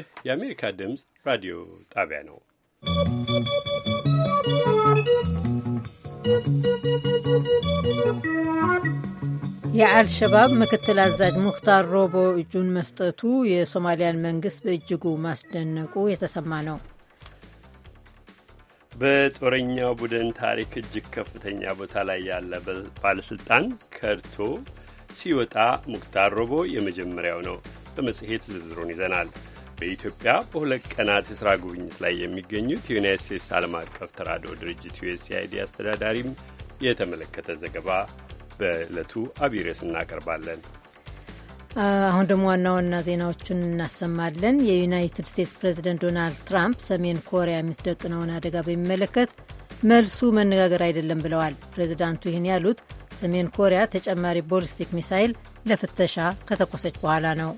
ይህ የአሜሪካ ድምፅ ራዲዮ ጣቢያ ነው። የአልሸባብ ምክትል አዛዥ ሙክታር ሮቦ እጁን መስጠቱ የሶማሊያን መንግስት በእጅጉ ማስደነቁ የተሰማ ነው። በጦረኛው ቡድን ታሪክ እጅግ ከፍተኛ ቦታ ላይ ያለ ባለስልጣን ከድቶ ሲወጣ ሙክታር ሮቦ የመጀመሪያው ነው። በመጽሔት ዝርዝሩን ይዘናል። በኢትዮጵያ በሁለት ቀናት የሥራ ጉብኝት ላይ የሚገኙት የዩናይት ስቴትስ ዓለም አቀፍ ተራድኦ ድርጅት ዩኤስኤአይዲ አስተዳዳሪም የተመለከተ ዘገባ በዕለቱ አቢሬስ እናቀርባለን። አሁን ደግሞ ዋና ዋና ዜናዎቹን እናሰማለን። የዩናይትድ ስቴትስ ፕሬዚደንት ዶናልድ ትራምፕ ሰሜን ኮሪያ የምትደቅነውን አደጋ በሚመለከት መልሱ መነጋገር አይደለም ብለዋል። ፕሬዚዳንቱ ይህን ያሉት ሰሜን ኮሪያ ተጨማሪ ቦሊስቲክ ሚሳይል ለፍተሻ ከተኮሰች በኋላ ነው።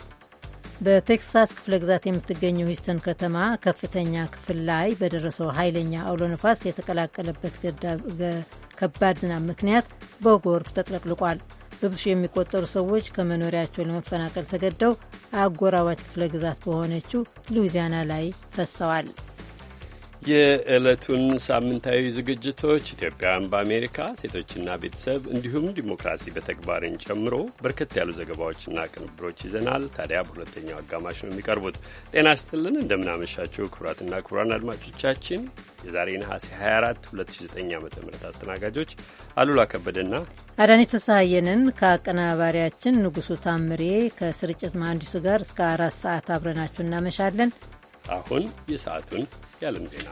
በቴክሳስ ክፍለ ግዛት የምትገኘው ሂስተን ከተማ ከፍተኛ ክፍል ላይ በደረሰው ኃይለኛ አውሎ ነፋስ የተቀላቀለበት ከባድ ዝናብ ምክንያት በጎርፍ ተጥለቅልቋል። በብዙ ሺህ የሚቆጠሩ ሰዎች ከመኖሪያቸው ለመፈናቀል ተገደው አጎራባች ክፍለ ግዛት በሆነችው ሉዊዚያና ላይ ፈሰዋል። የዕለቱን ሳምንታዊ ዝግጅቶች ኢትዮጵያውያን በአሜሪካ ሴቶችና ቤተሰብ እንዲሁም ዲሞክራሲ በተግባርን ጨምሮ በርከት ያሉ ዘገባዎችና ቅንብሮች ይዘናል። ታዲያ በሁለተኛው አጋማሽ ነው የሚቀርቡት። ጤና ስጥልን እንደምናመሻችሁ ክቡራትና ክቡራን አድማጮቻችን የዛሬ ነሐሴ 24 2009 ዓ ም አስተናጋጆች አሉላ ከበደና አዳኒ ፍስሐየንን ከአቀናባሪያችን ንጉሱ ታምሬ ከስርጭት መሐንዲሱ ጋር እስከ አራት ሰዓት አብረናችሁ እናመሻለን። አሁን የሰዓቱን የዓለም ዜና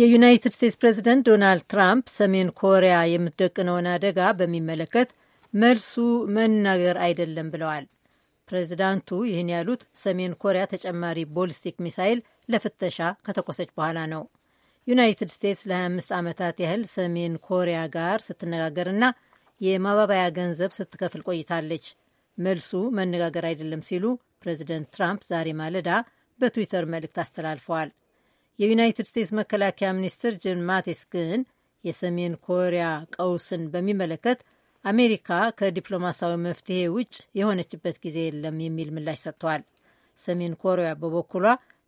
የዩናይትድ ስቴትስ ፕሬዚደንት ዶናልድ ትራምፕ ሰሜን ኮሪያ የምትደቅነውን አደጋ በሚመለከት መልሱ መናገር አይደለም ብለዋል። ፕሬዚዳንቱ ይህን ያሉት ሰሜን ኮሪያ ተጨማሪ ቦሊስቲክ ሚሳይል ለፍተሻ ከተኮሰች በኋላ ነው። ዩናይትድ ስቴትስ ለ25 ዓመታት ያህል ሰሜን ኮሪያ ጋር ስትነጋገርና የማባባያ ገንዘብ ስትከፍል ቆይታለች። መልሱ መነጋገር አይደለም ሲሉ ፕሬዚደንት ትራምፕ ዛሬ ማለዳ በትዊተር መልእክት አስተላልፈዋል። የዩናይትድ ስቴትስ መከላከያ ሚኒስትር ጅን ማቲስ ግን የሰሜን ኮሪያ ቀውስን በሚመለከት አሜሪካ ከዲፕሎማሲያዊ መፍትሄ ውጭ የሆነችበት ጊዜ የለም የሚል ምላሽ ሰጥተዋል። ሰሜን ኮሪያ በበኩሏ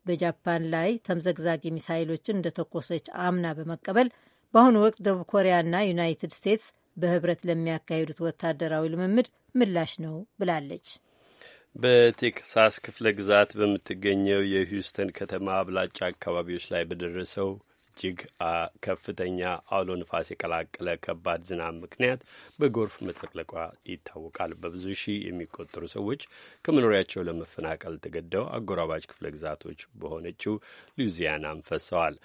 በጃፓን ላይ ተምዘግዛጊ ሚሳይሎችን እንደተኮሰች አምና በመቀበል በአሁኑ ወቅት ደቡብ ኮሪያና ዩናይትድ ስቴትስ በህብረት ለሚያካሂዱት ወታደራዊ ልምምድ ምላሽ ነው ብላለች። በቴክሳስ ክፍለ ግዛት በምትገኘው የሂውስተን ከተማ አብላጫ አካባቢዎች ላይ በደረሰው እጅግ ከፍተኛ አውሎ ንፋስ የቀላቀለ ከባድ ዝናብ ምክንያት በጎርፍ መጥለቅለቋ ይታወቃል። በብዙ ሺህ የሚቆጠሩ ሰዎች ከመኖሪያቸው ለመፈናቀል ተገደው አጎራባች ክፍለ ግዛቶች በሆነችው ሉዚያናም ፈሰዋል።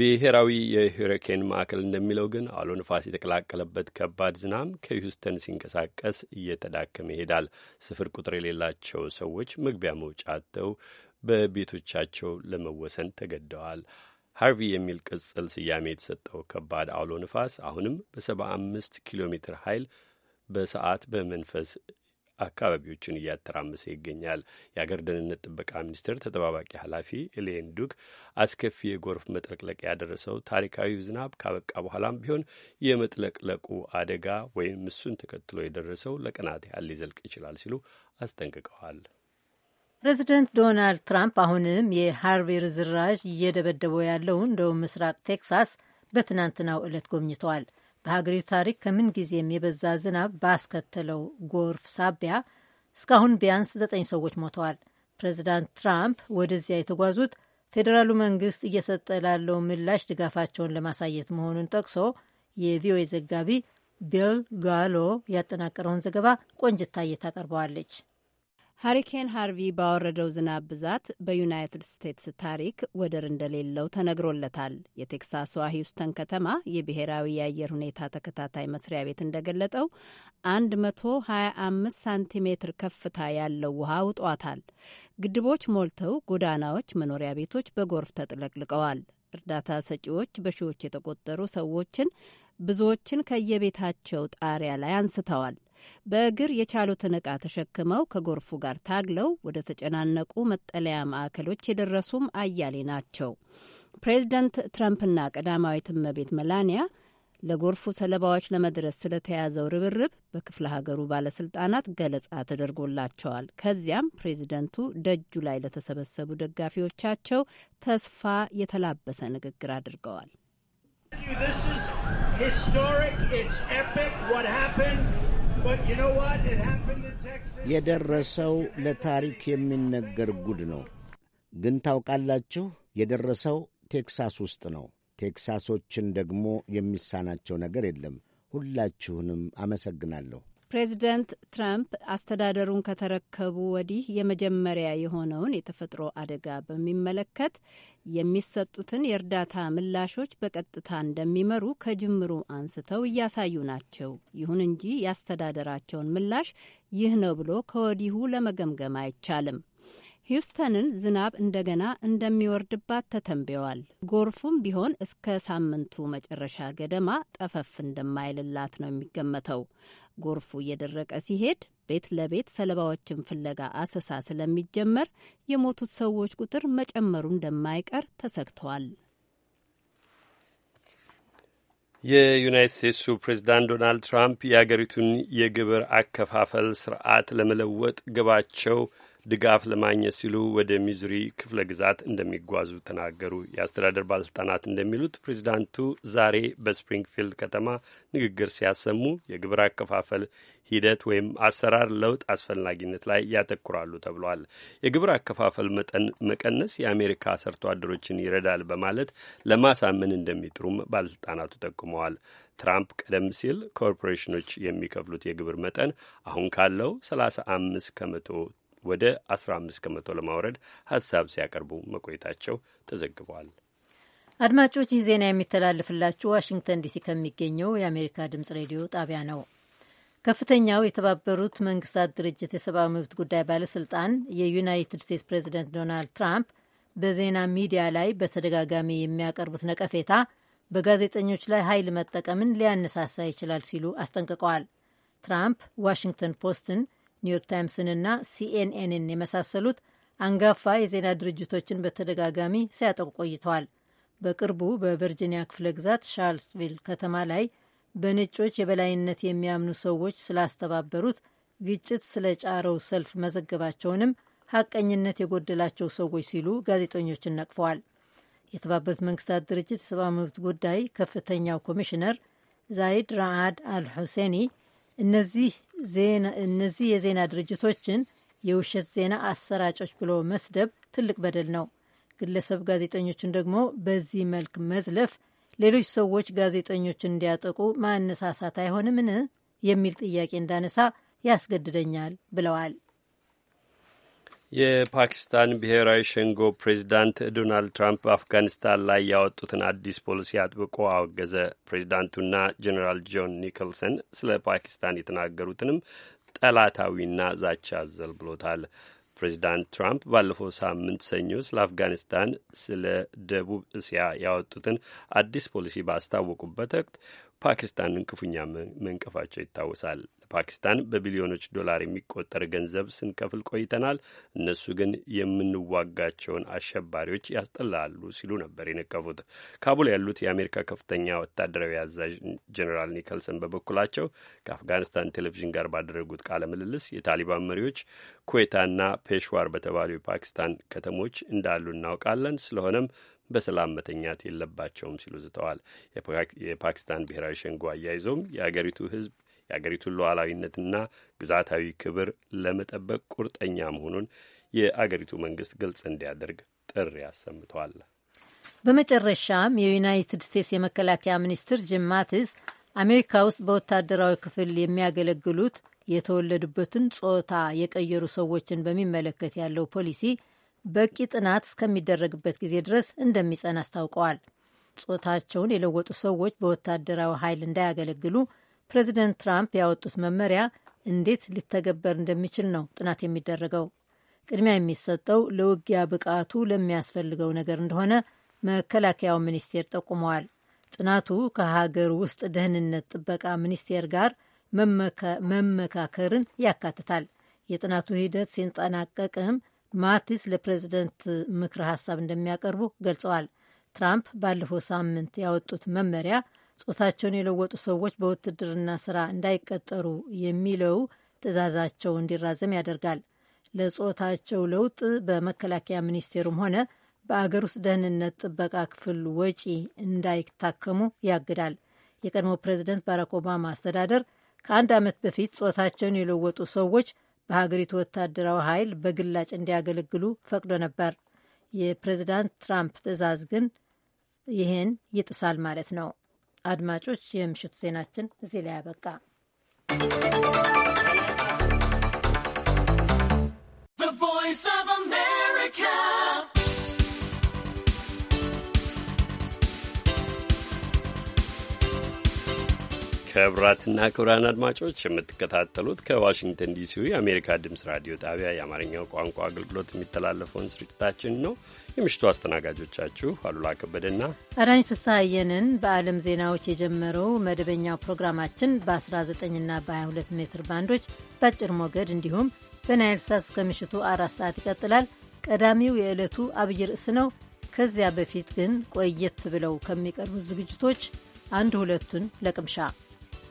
ብሔራዊ የሁሪኬን ማዕከል እንደሚለው ግን አውሎ ንፋስ የተቀላቀለበት ከባድ ዝናም ከሂውስተን ሲንቀሳቀስ እየተዳከመ ይሄዳል። ስፍር ቁጥር የሌላቸው ሰዎች መግቢያ መውጫ አጥተው በቤቶቻቸው ለመወሰን ተገደዋል። ሃርቪ የሚል ቅጽል ስያሜ የተሰጠው ከባድ አውሎ ንፋስ አሁንም በ75 ኪሎ ሜትር ኃይል በሰዓት በመንፈስ አካባቢዎችን እያተራመሰ ይገኛል። የአገር ደህንነት ጥበቃ ሚኒስቴር ተጠባባቂ ኃላፊ ኤሌን ዱክ አስከፊ የጎርፍ መጥለቅለቅ ያደረሰው ታሪካዊ ዝናብ ካበቃ በኋላም ቢሆን የመጥለቅለቁ አደጋ ወይም እሱን ተከትሎ የደረሰው ለቀናት ያህል ሊዘልቅ ይችላል ሲሉ አስጠንቅቀዋል። ፕሬዚደንት ዶናልድ ትራምፕ አሁንም የሃርቬ ርዝራዥ እየደበደበው ያለውን ደቡብ ምስራቅ ቴክሳስ በትናንትናው ዕለት ጎብኝተዋል። በሀገሪቱ ታሪክ ከምን ጊዜም የበዛ ዝናብ ባስከተለው ጎርፍ ሳቢያ እስካሁን ቢያንስ ዘጠኝ ሰዎች ሞተዋል። ፕሬዚዳንት ትራምፕ ወደዚያ የተጓዙት ፌዴራሉ መንግስት እየሰጠ ላለው ምላሽ ድጋፋቸውን ለማሳየት መሆኑን ጠቅሶ የቪኦኤ ዘጋቢ ቢል ጋሎ ያጠናቀረውን ዘገባ ቆንጅታ ታቀርበዋለች። ሃሪኬን ሃርቪ ባወረደው ዝናብ ብዛት በዩናይትድ ስቴትስ ታሪክ ወደር እንደሌለው ተነግሮለታል። የቴክሳስዋ ሂውስተን ከተማ የብሔራዊ የአየር ሁኔታ ተከታታይ መስሪያ ቤት እንደገለጠው 125 ሳንቲሜትር ከፍታ ያለው ውሃ ውጧታል። ግድቦች ሞልተው ጎዳናዎች፣ መኖሪያ ቤቶች በጎርፍ ተጥለቅልቀዋል። እርዳታ ሰጪዎች በሺዎች የተቆጠሩ ሰዎችን ብዙዎችን ከየቤታቸው ጣሪያ ላይ አንስተዋል። በእግር የቻሉትን ዕቃ ተሸክመው ከጎርፉ ጋር ታግለው ወደ ተጨናነቁ መጠለያ ማዕከሎች የደረሱም አያሌ ናቸው። ፕሬዚደንት ትራምፕና ቀዳማዊት እመቤት መላኒያ ለጎርፉ ሰለባዎች ለመድረስ ስለተያዘው ርብርብ በክፍለ ሀገሩ ባለስልጣናት ገለጻ ተደርጎላቸዋል። ከዚያም ፕሬዚደንቱ ደጁ ላይ ለተሰበሰቡ ደጋፊዎቻቸው ተስፋ የተላበሰ ንግግር አድርገዋል። የደረሰው ለታሪክ የሚነገር ጉድ ነው። ግን ታውቃላችሁ፣ የደረሰው ቴክሳስ ውስጥ ነው። ቴክሳሶችን ደግሞ የሚሳናቸው ነገር የለም። ሁላችሁንም አመሰግናለሁ። ፕሬዚደንት ትራምፕ አስተዳደሩን ከተረከቡ ወዲህ የመጀመሪያ የሆነውን የተፈጥሮ አደጋ በሚመለከት የሚሰጡትን የእርዳታ ምላሾች በቀጥታ እንደሚመሩ ከጅምሩ አንስተው እያሳዩ ናቸው። ይሁን እንጂ የአስተዳደራቸውን ምላሽ ይህ ነው ብሎ ከወዲሁ ለመገምገም አይቻልም። ሂውስተንን ዝናብ እንደገና እንደሚወርድባት ተተንብየዋል። ጎርፉም ቢሆን እስከ ሳምንቱ መጨረሻ ገደማ ጠፈፍ እንደማይልላት ነው የሚገመተው። ጎርፉ እየደረቀ ሲሄድ ቤት ለቤት ሰለባዎችን ፍለጋ አሰሳ ስለሚጀመር የሞቱት ሰዎች ቁጥር መጨመሩ እንደማይቀር ተሰግተዋል። የዩናይት ስቴትሱ ፕሬዚዳንት ዶናልድ ትራምፕ የአገሪቱን የግብር አከፋፈል ስርዓት ለመለወጥ ግባቸው ድጋፍ ለማግኘት ሲሉ ወደ ሚዙሪ ክፍለ ግዛት እንደሚጓዙ ተናገሩ። የአስተዳደር ባለስልጣናት እንደሚሉት ፕሬዚዳንቱ ዛሬ በስፕሪንግፊልድ ከተማ ንግግር ሲያሰሙ የግብር አከፋፈል ሂደት ወይም አሰራር ለውጥ አስፈላጊነት ላይ ያተኩራሉ ተብሏል። የግብር አከፋፈል መጠን መቀነስ የአሜሪካ ሰርቶ አደሮችን ይረዳል በማለት ለማሳመን እንደሚጥሩም ባለስልጣናቱ ጠቁመዋል። ትራምፕ ቀደም ሲል ኮርፖሬሽኖች የሚከፍሉት የግብር መጠን አሁን ካለው 35 ከመቶ ወደ 15 ከመቶ ለማውረድ ሀሳብ ሲያቀርቡ መቆየታቸው ተዘግቧል። አድማጮች ይህ ዜና የሚተላለፍላችሁ ዋሽንግተን ዲሲ ከሚገኘው የአሜሪካ ድምጽ ሬዲዮ ጣቢያ ነው። ከፍተኛው የተባበሩት መንግስታት ድርጅት የሰብአዊ መብት ጉዳይ ባለስልጣን የዩናይትድ ስቴትስ ፕሬዚደንት ዶናልድ ትራምፕ በዜና ሚዲያ ላይ በተደጋጋሚ የሚያቀርቡት ነቀፌታ በጋዜጠኞች ላይ ኃይል መጠቀምን ሊያነሳሳ ይችላል ሲሉ አስጠንቅቀዋል። ትራምፕ ዋሽንግተን ፖስትን ኒውዮርክ ታይምስንና ሲኤንኤንን የመሳሰሉት አንጋፋ የዜና ድርጅቶችን በተደጋጋሚ ሲያጠቁ ቆይተዋል። በቅርቡ በቨርጂኒያ ክፍለ ግዛት ሻርልስቪል ከተማ ላይ በነጮች የበላይነት የሚያምኑ ሰዎች ስላስተባበሩት ግጭት ስለጫረው ሰልፍ መዘገባቸውንም ሐቀኝነት የጎደላቸው ሰዎች ሲሉ ጋዜጠኞችን ነቅፈዋል። የተባበሩት መንግስታት ድርጅት የሰብአዊ መብት ጉዳይ ከፍተኛው ኮሚሽነር ዛይድ ራአድ አልሁሴኒ እነዚህ የዜና ድርጅቶችን የውሸት ዜና አሰራጮች ብሎ መስደብ ትልቅ በደል ነው። ግለሰብ ጋዜጠኞችን ደግሞ በዚህ መልክ መዝለፍ ሌሎች ሰዎች ጋዜጠኞችን እንዲያጠቁ ማነሳሳት አይሆንምን? የሚል ጥያቄ እንዳነሳ ያስገድደኛል ብለዋል። የፓኪስታን ብሔራዊ ሸንጎ ፕሬዚዳንት ዶናልድ ትራምፕ አፍጋኒስታን ላይ ያወጡትን አዲስ ፖሊሲ አጥብቆ አወገዘ። ፕሬዚዳንቱና ጀኔራል ጆን ኒክልሰን ስለ ፓኪስታን የተናገሩትንም ጠላታዊና ዛቻ አዘል ብሎታል። ፕሬዚዳንት ትራምፕ ባለፈው ሳምንት ሰኞ ስለ አፍጋኒስታን፣ ስለ ደቡብ እስያ ያወጡትን አዲስ ፖሊሲ ባስታወቁበት ወቅት ፓኪስታንን ክፉኛ መንቀፋቸው ይታወሳል። ፓኪስታን በቢሊዮኖች ዶላር የሚቆጠር ገንዘብ ስንከፍል ቆይተናል፣ እነሱ ግን የምንዋጋቸውን አሸባሪዎች ያስጠላሉ ሲሉ ነበር የነቀፉት። ካቡል ያሉት የአሜሪካ ከፍተኛ ወታደራዊ አዛዥ ጀኔራል ኒከልሰን በበኩላቸው ከአፍጋኒስታን ቴሌቪዥን ጋር ባደረጉት ቃለ ምልልስ የታሊባን መሪዎች ኩዌታና ፔሽዋር በተባሉ የፓኪስታን ከተሞች እንዳሉ እናውቃለን፣ ስለሆነም በሰላም መተኛት የለባቸውም ሲሉ ዝተዋል። የፓኪስታን ብሔራዊ ሸንጎ አያይዘውም የአገሪቱ ሕዝብ የአገሪቱን ሉዓላዊነትና ግዛታዊ ክብር ለመጠበቅ ቁርጠኛ መሆኑን የአገሪቱ መንግስት ግልጽ እንዲያደርግ ጥሪ አሰምተዋል። በመጨረሻም የዩናይትድ ስቴትስ የመከላከያ ሚኒስትር ጂም ማቲስ አሜሪካ ውስጥ በወታደራዊ ክፍል የሚያገለግሉት የተወለዱበትን ጾታ የቀየሩ ሰዎችን በሚመለከት ያለው ፖሊሲ በቂ ጥናት እስከሚደረግበት ጊዜ ድረስ እንደሚጸን አስታውቀዋል። ጾታቸውን የለወጡ ሰዎች በወታደራዊ ኃይል እንዳያገለግሉ ፕሬዚደንት ትራምፕ ያወጡት መመሪያ እንዴት ሊተገበር እንደሚችል ነው ጥናት የሚደረገው። ቅድሚያ የሚሰጠው ለውጊያ ብቃቱ ለሚያስፈልገው ነገር እንደሆነ መከላከያው ሚኒስቴር ጠቁመዋል። ጥናቱ ከሀገር ውስጥ ደህንነት ጥበቃ ሚኒስቴር ጋር መመካከርን ያካትታል። የጥናቱ ሂደት ሲንጠናቀቅም ማቲስ ለፕሬዝደንት ምክረ ሀሳብ እንደሚያቀርቡ ገልጸዋል። ትራምፕ ባለፈው ሳምንት ያወጡት መመሪያ ጾታቸውን የለወጡ ሰዎች በውትድርና ስራ እንዳይቀጠሩ የሚለው ትዕዛዛቸው እንዲራዘም ያደርጋል። ለጾታቸው ለውጥ በመከላከያ ሚኒስቴሩም ሆነ በአገር ውስጥ ደህንነት ጥበቃ ክፍል ወጪ እንዳይታከሙ ያግዳል። የቀድሞ ፕሬዚደንት ባራክ ኦባማ አስተዳደር ከአንድ ዓመት በፊት ጾታቸውን የለወጡ ሰዎች በሀገሪቱ ወታደራዊ ኃይል በግላጭ እንዲያገለግሉ ፈቅዶ ነበር። የፕሬዚዳንት ትራምፕ ትዕዛዝ ግን ይህን ይጥሳል ማለት ነው። አድማጮች፣ የምሽቱ ዜናችን እዚህ ላይ ያበቃ። ክቡራትና ክቡራን አድማጮች የምትከታተሉት ከዋሽንግተን ዲሲ የአሜሪካ ድምፅ ራዲዮ ጣቢያ የአማርኛው ቋንቋ አገልግሎት የሚተላለፈውን ስርጭታችን ነው። የምሽቱ አስተናጋጆቻችሁ አሉላ ከበደና አዳኝ ፍስሐየንን በዓለም ዜናዎች የጀመረው መደበኛው ፕሮግራማችን በ19ና በ22 ሜትር ባንዶች በአጭር ሞገድ እንዲሁም በናይል ሳት እስከ ምሽቱ አራት ሰዓት ይቀጥላል። ቀዳሚው የዕለቱ አብይ ርዕስ ነው። ከዚያ በፊት ግን ቆየት ብለው ከሚቀርቡ ዝግጅቶች አንድ ሁለቱን ለቅምሻ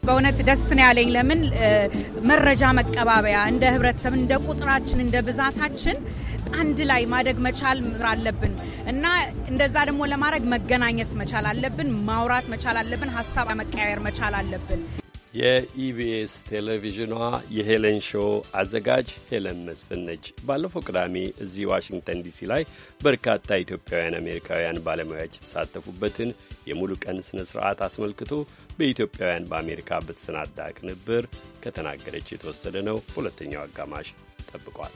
በእውነት ደስ ነው ያለኝ። ለምን መረጃ መቀባበያ እንደ ህብረተሰብ እንደ ቁጥራችን እንደ ብዛታችን አንድ ላይ ማደግ መቻል አለብን እና እንደዛ ደግሞ ለማድረግ መገናኘት መቻል አለብን፣ ማውራት መቻል አለብን፣ ሀሳብ መቀያየር መቻል አለብን። የኢቢኤስ ቴሌቪዥኗ የሄለን ሾው አዘጋጅ ሄለን መስፍን ነች። ባለፈው ቅዳሜ እዚህ ዋሽንግተን ዲሲ ላይ በርካታ ኢትዮጵያውያን አሜሪካውያን ባለሙያዎች የተሳተፉበትን የሙሉ ቀን ስነ ስርዓት አስመልክቶ በኢትዮጵያውያን በአሜሪካ በተሰናዳ ቅንብር ከተናገረች የተወሰደ ነው። ሁለተኛው አጋማሽ ጠብቋት።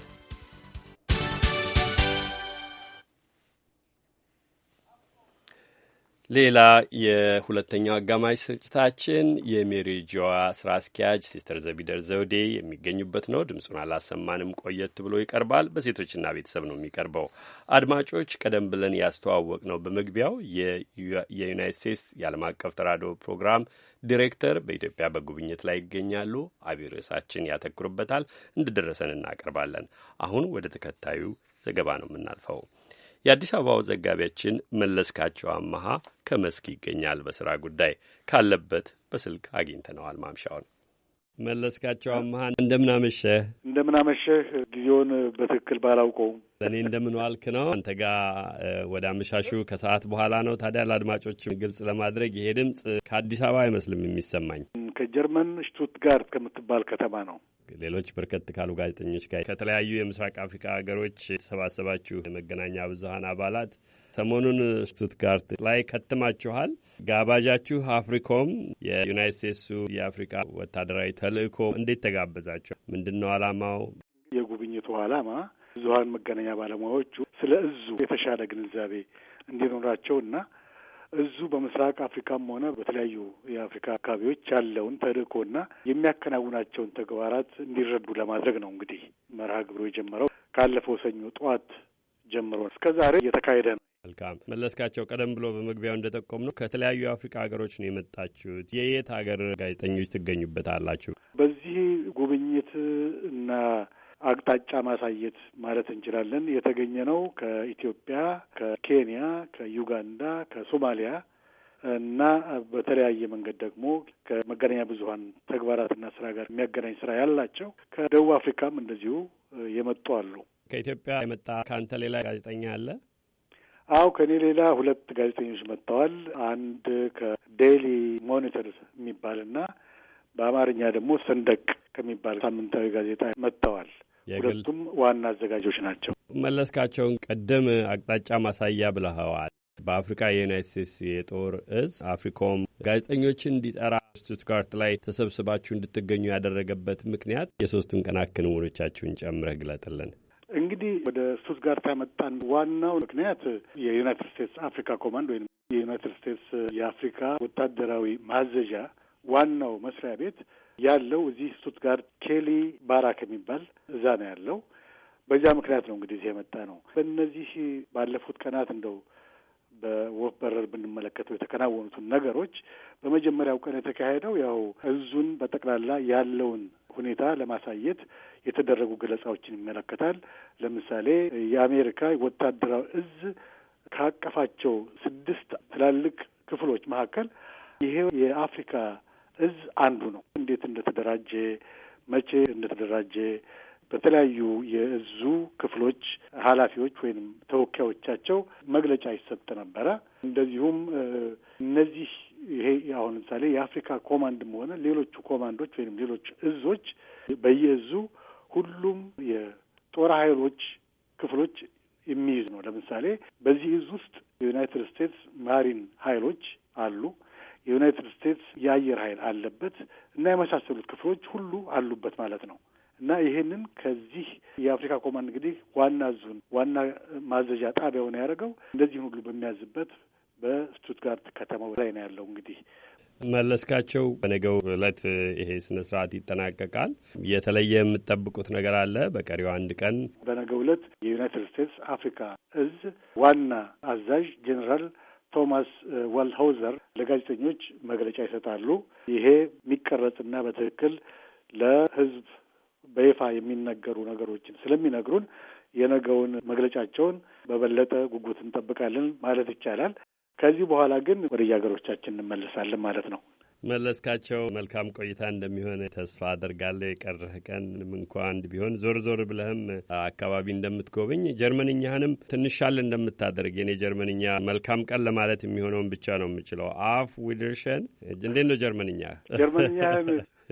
ሌላ የሁለተኛው አጋማሽ ስርጭታችን የሜሪ ጆዋ ስራ አስኪያጅ ሲስተር ዘቢደር ዘውዴ የሚገኙበት ነው። ድምፁን አላሰማንም፣ ቆየት ብሎ ይቀርባል። በሴቶችና ቤተሰብ ነው የሚቀርበው። አድማጮች፣ ቀደም ብለን ያስተዋወቅ ነው በመግቢያው የዩናይት ስቴትስ የዓለም አቀፍ ተራድኦ ፕሮግራም ዲሬክተር በኢትዮጵያ በጉብኝት ላይ ይገኛሉ። አብይ ርዕሳችን ያተኩርበታል። እንደደረሰን እናቀርባለን። አሁን ወደ ተከታዩ ዘገባ ነው የምናልፈው። የአዲስ አበባው ዘጋቢያችን መለስካቸው አመሃ ከመስክ ይገኛል። በስራ ጉዳይ ካለበት በስልክ አግኝተነዋል ማምሻውን። መለስካቸው አመሀን እንደምናመሸህ እንደምናመሸህ። ጊዜውን በትክክል ባላውቀውም እኔ እንደምን ዋልክ ነው። አንተ ጋ ወደ አመሻሹ ከሰዓት በኋላ ነው። ታዲያ ለአድማጮች ግልጽ ለማድረግ ይሄ ድምፅ ከአዲስ አበባ አይመስልም የሚሰማኝ፣ ከጀርመን ሽቱትጋርት ከምትባል ከተማ ነው። ሌሎች በርከት ካሉ ጋዜጠኞች ጋር ከተለያዩ የምስራቅ አፍሪካ ሀገሮች የተሰባሰባችሁ የመገናኛ ብዙሀን አባላት ሰሞኑን ስቱትጋርት ላይ ከትማችኋል። ጋባዣችሁ አፍሪኮም የዩናይት ስቴትሱ የአፍሪካ ወታደራዊ ተልእኮ እንዴት ተጋበዛቸው? ምንድን ነው አላማው? የጉብኝቱ አላማ ብዙሀን መገናኛ ባለሙያዎቹ ስለ እዙ የተሻለ ግንዛቤ እንዲኖራቸው እና እዙ በምስራቅ አፍሪካም ሆነ በተለያዩ የአፍሪካ አካባቢዎች ያለውን ተልእኮና የሚያከናውናቸውን ተግባራት እንዲረዱ ለማድረግ ነው። እንግዲህ መርሃ ግብሩ የጀመረው ካለፈው ሰኞ ጠዋት ጀምሮ እስከ ዛሬ እየተካሄደ ነው። መልካም መለስካቸው፣ ቀደም ብሎ በመግቢያው እንደጠቆም ነው ከተለያዩ የአፍሪካ ሀገሮች ነው የመጣችሁት። የየት ሀገር ጋዜጠኞች ትገኙበት አላችሁ? በዚህ ጉብኝት እና አቅጣጫ ማሳየት ማለት እንችላለን። የተገኘ ነው ከኢትዮጵያ፣ ከኬንያ፣ ከዩጋንዳ፣ ከሶማሊያ እና በተለያየ መንገድ ደግሞ ከመገናኛ ብዙኃን ተግባራትና ስራ ጋር የሚያገናኝ ስራ ያላቸው ከደቡብ አፍሪካም እንደዚሁ የመጡ አሉ። ከኢትዮጵያ የመጣ ከአንተ ሌላ ጋዜጠኛ አለ? አዎ ከኔ ሌላ ሁለት ጋዜጠኞች መጥተዋል። አንድ ከዴይሊ ሞኒተር የሚባልና በአማርኛ ደግሞ ሰንደቅ ከሚባል ሳምንታዊ ጋዜጣ መጥተዋል። ሁለቱም ዋና አዘጋጆች ናቸው። መለስካቸውን ቀደም አቅጣጫ ማሳያ ብለኸዋል። በአፍሪካ የዩናይት ስቴትስ የጦር እዝ አፍሪኮም ጋዜጠኞችን እንዲጠራ ስቱትጋርት ላይ ተሰብስባችሁ እንድትገኙ ያደረገበት ምክንያት የሶስቱን ቀናት ክንውኖቻችሁን ጨምረህ ግለጥልን። እንግዲህ ወደ ስቱትጋርት ያመጣን ዋናው ምክንያት የዩናይትድ ስቴትስ አፍሪካ ኮማንድ ወይም የዩናይትድ ስቴትስ የአፍሪካ ወታደራዊ ማዘዣ ዋናው መስሪያ ቤት ያለው እዚህ ስቱትጋርት ኬሊ ባራክ የሚባል እዛ ነው ያለው። በዚያ ምክንያት ነው እንግዲህ የመጣ ነው። በእነዚህ ባለፉት ቀናት እንደው በወፍ በረር ብንመለከተው የተከናወኑትን ነገሮች በመጀመሪያው ቀን የተካሄደው ያው እዙን በጠቅላላ ያለውን ሁኔታ ለማሳየት የተደረጉ ገለጻዎችን ይመለከታል። ለምሳሌ የአሜሪካ ወታደራዊ እዝ ካቀፋቸው ስድስት ትላልቅ ክፍሎች መካከል ይሄ የአፍሪካ እዝ አንዱ ነው። እንዴት እንደተደራጀ፣ መቼ እንደተደራጀ በተለያዩ የእዙ ክፍሎች ኃላፊዎች ወይም ተወካዮቻቸው መግለጫ ይሰጥ ነበረ። እንደዚሁም እነዚህ ይሄ አሁን ለምሳሌ የአፍሪካ ኮማንድም ሆነ ሌሎቹ ኮማንዶች ወይም ሌሎች እዞች በየእዙ ሁሉም የጦር ኃይሎች ክፍሎች የሚይዝ ነው። ለምሳሌ በዚህ እዝ ውስጥ የዩናይትድ ስቴትስ ማሪን ኃይሎች አሉ። የዩናይትድ ስቴትስ የአየር ኃይል አለበት እና የመሳሰሉት ክፍሎች ሁሉ አሉበት ማለት ነው። እና ይሄንን ከዚህ የአፍሪካ ኮማንድ እንግዲህ ዋና እዙን ዋና ማዘዣ ጣቢያውን ያደረገው እንደዚህን ሁሉ በሚያዝበት በስቱትጋርት ከተማ ላይ ነው ያለው እንግዲህ መለስካቸው በነገው ዕለት ይሄ ስነ ስርዓት ይጠናቀቃል። የተለየ የምትጠብቁት ነገር አለ? በቀሪው አንድ ቀን በነገው ዕለት የዩናይትድ ስቴትስ አፍሪካ እዝ ዋና አዛዥ ጄኔራል ቶማስ ዋልሃውዘር ለጋዜጠኞች መግለጫ ይሰጣሉ። ይሄ የሚቀረጽና በትክክል ለህዝብ በይፋ የሚነገሩ ነገሮችን ስለሚነግሩን የነገውን መግለጫቸውን በበለጠ ጉጉት እንጠብቃለን ማለት ይቻላል። ከዚህ በኋላ ግን ወደየሀገሮቻችን እንመለሳለን ማለት ነው። መለስካቸው፣ መልካም ቆይታ እንደሚሆን ተስፋ አደርጋለሁ። የቀረህ ቀን እንኳ አንድ ቢሆን ዞር ዞር ብለህም አካባቢ እንደምትጎበኝ ጀርመንኛህንም ትንሻል እንደምታደርግ የኔ ጀርመንኛ መልካም ቀን ለማለት የሚሆነውን ብቻ ነው የምችለው። አፍ ዊድርሸን። እንዴት ነው ጀርመንኛ ጀርመንኛህን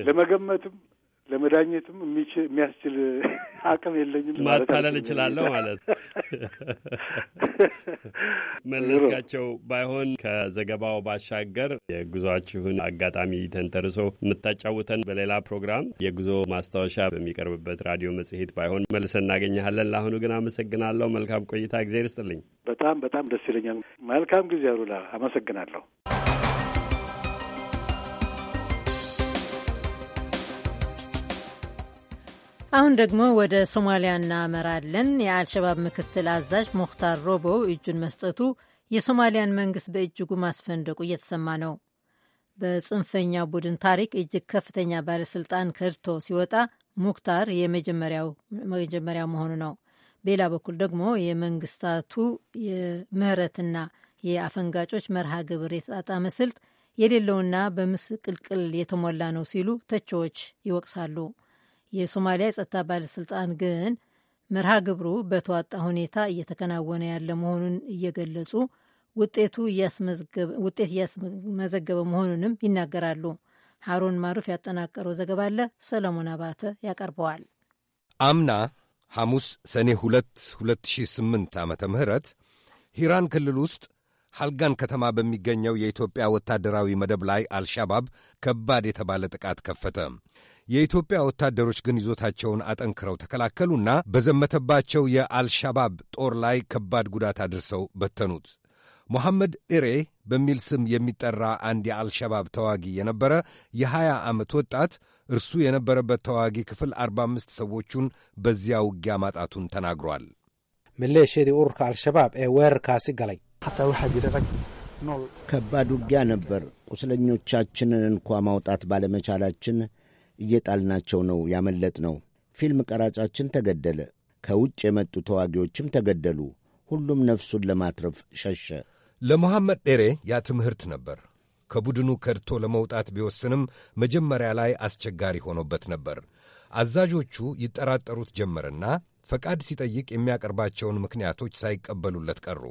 ለመገመትም ለመዳኘትም የሚያስችል አቅም የለኝም። ማታለል እችላለሁ ማለት መለስካቸው። ባይሆን ከዘገባው ባሻገር የጉዟችሁን አጋጣሚ ተንተርሶ የምታጫውተን በሌላ ፕሮግራም የጉዞ ማስታወሻ በሚቀርብበት ራዲዮ መጽሔት ባይሆን መልሰ እናገኘሃለን። ለአሁኑ ግን አመሰግናለሁ። መልካም ቆይታ። እግዜር ይስጥልኝ። በጣም በጣም ደስ ይለኛል። መልካም ጊዜ አሉላ። አመሰግናለሁ። አሁን ደግሞ ወደ ሶማሊያ እናመራለን። የአልሸባብ ምክትል አዛዥ ሙክታር ሮቦ እጁን መስጠቱ የሶማሊያን መንግስት በእጅጉ ማስፈንደቁ እየተሰማ ነው። በጽንፈኛ ቡድን ታሪክ እጅግ ከፍተኛ ባለስልጣን ከድቶ ሲወጣ ሙክታር የመጀመሪያው መሆኑ ነው። በሌላ በኩል ደግሞ የመንግስታቱ የምህረትና የአፈንጋጮች መርሃ ግብር የተጣጣመ ስልት የሌለውና በምስቅልቅል የተሞላ ነው ሲሉ ተቺዎች ይወቅሳሉ። የሶማሊያ የጸጥታ ባለስልጣን ግን መርሃ ግብሩ በተዋጣ ሁኔታ እየተከናወነ ያለ መሆኑን እየገለጹ ውጤቱ ውጤት እያስመዘገበ መሆኑንም ይናገራሉ። ሀሮን ማሩፍ ያጠናቀረው ዘገባ አለ። ሰለሞን አባተ ያቀርበዋል። አምና ሐሙስ ሰኔ 2 2008 ዓመተ ምህረት ሂራን ክልል ውስጥ ሐልጋን ከተማ በሚገኘው የኢትዮጵያ ወታደራዊ መደብ ላይ አልሻባብ ከባድ የተባለ ጥቃት ከፈተ። የኢትዮጵያ ወታደሮች ግን ይዞታቸውን አጠንክረው ተከላከሉና በዘመተባቸው የአልሻባብ ጦር ላይ ከባድ ጉዳት አድርሰው በተኑት። ሞሐመድ ኢሬ በሚል ስም የሚጠራ አንድ የአልሸባብ ተዋጊ የነበረ የ20 ዓመት ወጣት እርሱ የነበረበት ተዋጊ ክፍል 45 ሰዎቹን በዚያ ውጊያ ማጣቱን ተናግሯል። ሚሌሽየዲ ኡሩርካ አልሸባብ ኤ ካሲ ገላይ ከባድ ውጊያ ነበር። ቁስለኞቻችንን እንኳ ማውጣት ባለመቻላችን እየጣልናቸው ነው ያመለጥ ነው። ፊልም ቀራጫችን ተገደለ። ከውጭ የመጡ ተዋጊዎችም ተገደሉ። ሁሉም ነፍሱን ለማትረፍ ሸሸ። ለመሐመድ ዴሬ ያ ትምህርት ነበር። ከቡድኑ ከድቶ ለመውጣት ቢወስንም መጀመሪያ ላይ አስቸጋሪ ሆኖበት ነበር። አዛዦቹ ይጠራጠሩት ጀመርና ፈቃድ ሲጠይቅ የሚያቀርባቸውን ምክንያቶች ሳይቀበሉለት ቀሩ።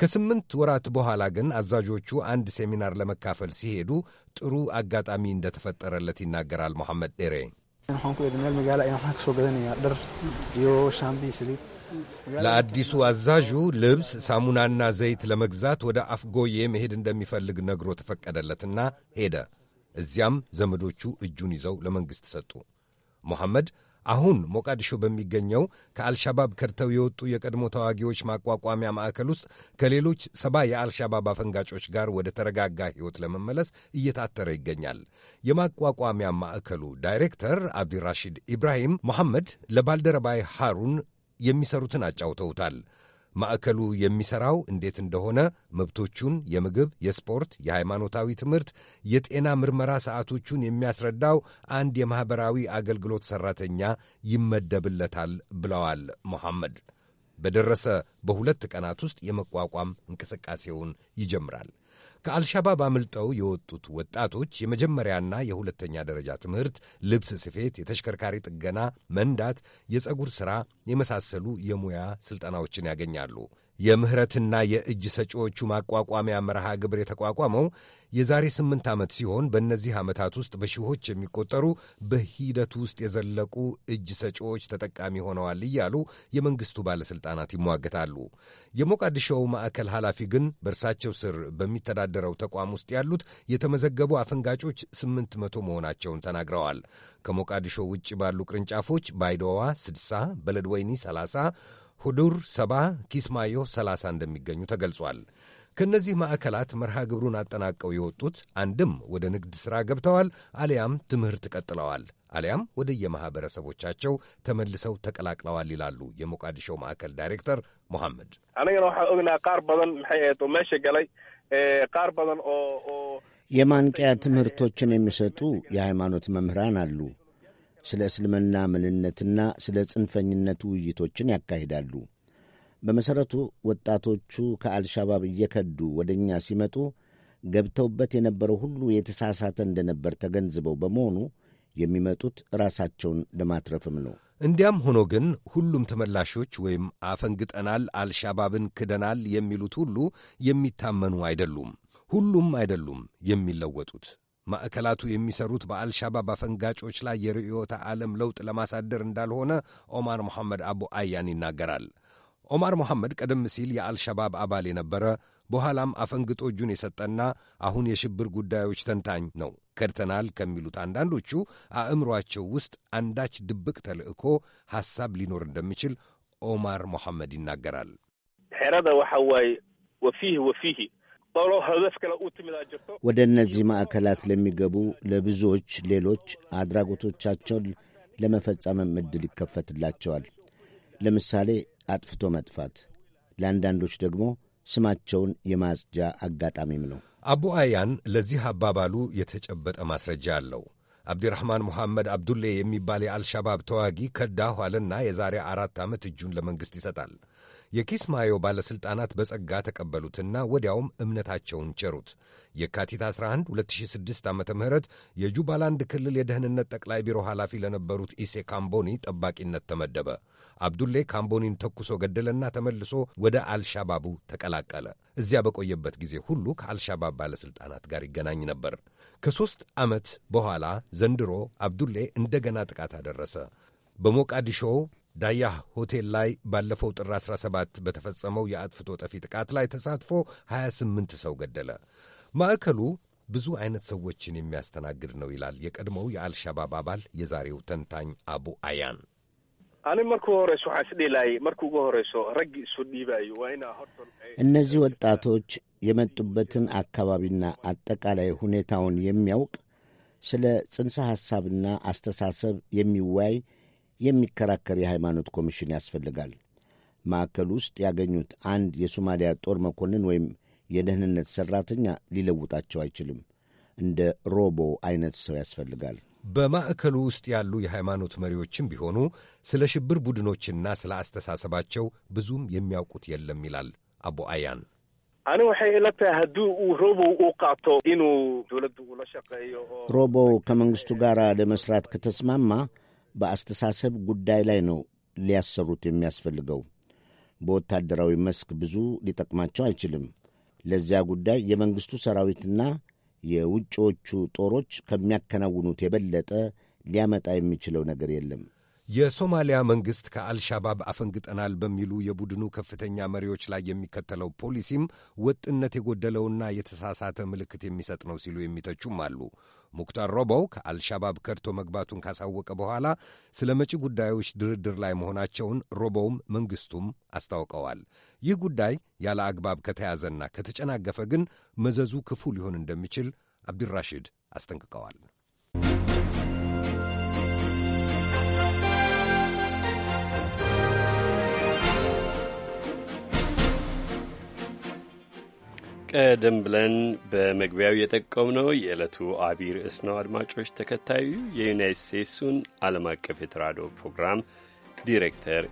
ከስምንት ወራት በኋላ ግን አዛዦቹ አንድ ሴሚናር ለመካፈል ሲሄዱ ጥሩ አጋጣሚ እንደተፈጠረለት ይናገራል። መሐመድ ዴሬ ለአዲሱ አዛዡ ልብስ፣ ሳሙናና ዘይት ለመግዛት ወደ አፍጎዬ መሄድ እንደሚፈልግ ነግሮ ተፈቀደለትና ሄደ። እዚያም ዘመዶቹ እጁን ይዘው ለመንግሥት ሰጡ። ሙሐመድ አሁን ሞቃዲሾ በሚገኘው ከአልሻባብ ከድተው የወጡ የቀድሞ ተዋጊዎች ማቋቋሚያ ማዕከል ውስጥ ከሌሎች ሰባ የአልሻባብ አፈንጋጮች ጋር ወደ ተረጋጋ ሕይወት ለመመለስ እየታተረ ይገኛል። የማቋቋሚያ ማዕከሉ ዳይሬክተር አብዲራሺድ ኢብራሂም መሐመድ ለባልደረባይ ሃሩን የሚሰሩትን አጫውተውታል። ማዕከሉ የሚሠራው እንዴት እንደሆነ፣ መብቶቹን፣ የምግብ፣ የስፖርት፣ የሃይማኖታዊ ትምህርት፣ የጤና ምርመራ ሰዓቶቹን የሚያስረዳው አንድ የማኅበራዊ አገልግሎት ሠራተኛ ይመደብለታል ብለዋል መሐመድ። በደረሰ በሁለት ቀናት ውስጥ የመቋቋም እንቅስቃሴውን ይጀምራል። ከአልሻባብ አምልጠው የወጡት ወጣቶች የመጀመሪያና የሁለተኛ ደረጃ ትምህርት፣ ልብስ ስፌት፣ የተሽከርካሪ ጥገና፣ መንዳት፣ የፀጉር ሥራ የመሳሰሉ የሙያ ሥልጠናዎችን ያገኛሉ። የምህረትና የእጅ ሰጪዎቹ ማቋቋሚያ መርሃ ግብር የተቋቋመው የዛሬ ስምንት ዓመት ሲሆን በእነዚህ ዓመታት ውስጥ በሺዎች የሚቆጠሩ በሂደቱ ውስጥ የዘለቁ እጅ ሰጪዎች ተጠቃሚ ሆነዋል እያሉ የመንግሥቱ ባለሥልጣናት ይሟገታሉ። የሞቃዲሾው ማዕከል ኃላፊ ግን በእርሳቸው ስር በሚተዳደረው ተቋም ውስጥ ያሉት የተመዘገቡ አፈንጋጮች ስምንት መቶ መሆናቸውን ተናግረዋል። ከሞቃዲሾ ውጭ ባሉ ቅርንጫፎች ባይዶዋ 60፣ በለድወይኒ 30 ሁዱር ሰባ፣ ኪስማዮ 30 እንደሚገኙ ተገልጿል። ከእነዚህ ማዕከላት መርሃ ግብሩን አጠናቀው የወጡት አንድም ወደ ንግድ ሥራ ገብተዋል፣ አሊያም ትምህርት ቀጥለዋል፣ አሊያም ወደ የማኅበረሰቦቻቸው ተመልሰው ተቀላቅለዋል ይላሉ የሞቃዲሾ ማዕከል ዳይሬክተር ሙሐመድ። አነገና የማንቂያ ትምህርቶችን የሚሰጡ የሃይማኖት መምህራን አሉ። ስለ እስልምና ምንነትና ስለ ጽንፈኝነት ውይይቶችን ያካሂዳሉ። በመሠረቱ ወጣቶቹ ከአልሻባብ እየከዱ ወደ እኛ ሲመጡ ገብተውበት የነበረው ሁሉ የተሳሳተ እንደነበር ተገንዝበው በመሆኑ የሚመጡት ራሳቸውን ለማትረፍም ነው። እንዲያም ሆኖ ግን ሁሉም ተመላሾች ወይም አፈንግጠናል፣ አልሻባብን ክደናል የሚሉት ሁሉ የሚታመኑ አይደሉም። ሁሉም አይደሉም የሚለወጡት ማዕከላቱ የሚሰሩት በአልሻባብ አፈንጋጮች ላይ የርዕዮተ ዓለም ለውጥ ለማሳደር እንዳልሆነ ኦማር መሐመድ አቡ አያን ይናገራል። ኦማር መሐመድ ቀደም ሲል የአልሻባብ አባል የነበረ በኋላም አፈንግጦ እጁን የሰጠና አሁን የሽብር ጉዳዮች ተንታኝ ነው። ከድተናል ከሚሉት አንዳንዶቹ አእምሯቸው ውስጥ አንዳች ድብቅ ተልዕኮ ሐሳብ ሊኖር እንደሚችል ኦማር መሐመድ ይናገራል። ሕረዳ ወሐዋይ ወፊህ ወፊህ ወደ እነዚህ ማዕከላት ለሚገቡ ለብዙዎች ሌሎች አድራጎቶቻቸውን ለመፈጸምም ዕድል ይከፈትላቸዋል። ለምሳሌ አጥፍቶ መጥፋት፣ ለአንዳንዶች ደግሞ ስማቸውን የማጽጃ አጋጣሚም ነው። አቡ አያን ለዚህ አባባሉ የተጨበጠ ማስረጃ አለው። አብዲራህማን ሙሐመድ አብዱሌ የሚባል የአልሻባብ ተዋጊ ከዳሁ የዛሬ አራት ዓመት እጁን ለመንግሥት ይሰጣል። የኪስማዮ ባለሥልጣናት በጸጋ ተቀበሉትና ወዲያውም እምነታቸውን ቸሩት። የካቲት 11 2006 ዓ ም የጁባላንድ ክልል የደህንነት ጠቅላይ ቢሮ ኃላፊ ለነበሩት ኢሴ ካምቦኒ ጠባቂነት ተመደበ። አብዱሌ ካምቦኒን ተኩሶ ገደለና ተመልሶ ወደ አልሻባቡ ተቀላቀለ። እዚያ በቆየበት ጊዜ ሁሉ ከአልሻባብ ባለሥልጣናት ጋር ይገናኝ ነበር። ከሦስት ዓመት በኋላ ዘንድሮ አብዱሌ እንደገና ጥቃት አደረሰ። በሞቃዲሾው ዳያ ሆቴል ላይ ባለፈው ጥር 17 በተፈጸመው የአጥፍቶ ጠፊ ጥቃት ላይ ተሳትፎ 28 ሰው ገደለ። ማዕከሉ ብዙ አይነት ሰዎችን የሚያስተናግድ ነው ይላል የቀድሞው የአልሻባብ አባል የዛሬው ተንታኝ አቡ አያን። እነዚህ ወጣቶች የመጡበትን አካባቢና አጠቃላይ ሁኔታውን የሚያውቅ ስለ ጽንሰ ሐሳብና አስተሳሰብ የሚወያይ የሚከራከር የሃይማኖት ኮሚሽን ያስፈልጋል። ማዕከል ውስጥ ያገኙት አንድ የሶማሊያ ጦር መኮንን ወይም የደህንነት ሠራተኛ ሊለውጣቸው አይችልም። እንደ ሮቦ አይነት ሰው ያስፈልጋል። በማዕከሉ ውስጥ ያሉ የሃይማኖት መሪዎችም ቢሆኑ ስለ ሽብር ቡድኖችና ስለ አስተሳሰባቸው ብዙም የሚያውቁት የለም ይላል አቦ አያን። ሮቦ ከመንግስቱ ጋር ለመስራት ከተስማማ በአስተሳሰብ ጉዳይ ላይ ነው ሊያሰሩት የሚያስፈልገው። በወታደራዊ መስክ ብዙ ሊጠቅማቸው አይችልም። ለዚያ ጉዳይ የመንግሥቱ ሰራዊትና የውጭዎቹ ጦሮች ከሚያከናውኑት የበለጠ ሊያመጣ የሚችለው ነገር የለም። የሶማሊያ መንግሥት ከአልሻባብ አፈንግጠናል በሚሉ የቡድኑ ከፍተኛ መሪዎች ላይ የሚከተለው ፖሊሲም ወጥነት የጎደለውና የተሳሳተ ምልክት የሚሰጥ ነው ሲሉ የሚተቹም አሉ። ሙክታር ሮቦው ከአልሻባብ ከድቶ መግባቱን ካሳወቀ በኋላ ስለ መጪ ጉዳዮች ድርድር ላይ መሆናቸውን ሮቦውም መንግስቱም አስታውቀዋል። ይህ ጉዳይ ያለ አግባብ ከተያዘና ከተጨናገፈ ግን መዘዙ ክፉ ሊሆን እንደሚችል አብዲራሽድ አስጠንቅቀዋል። ቀደም ብለን በመግቢያው ነው የዕለቱ አቢይ ርዕስ ነው። አድማጮች፣ ተከታዩ የዩናይት ስቴትሱን ዓለም አቀፍ የተራድኦ ፕሮግራም ዲሬክተር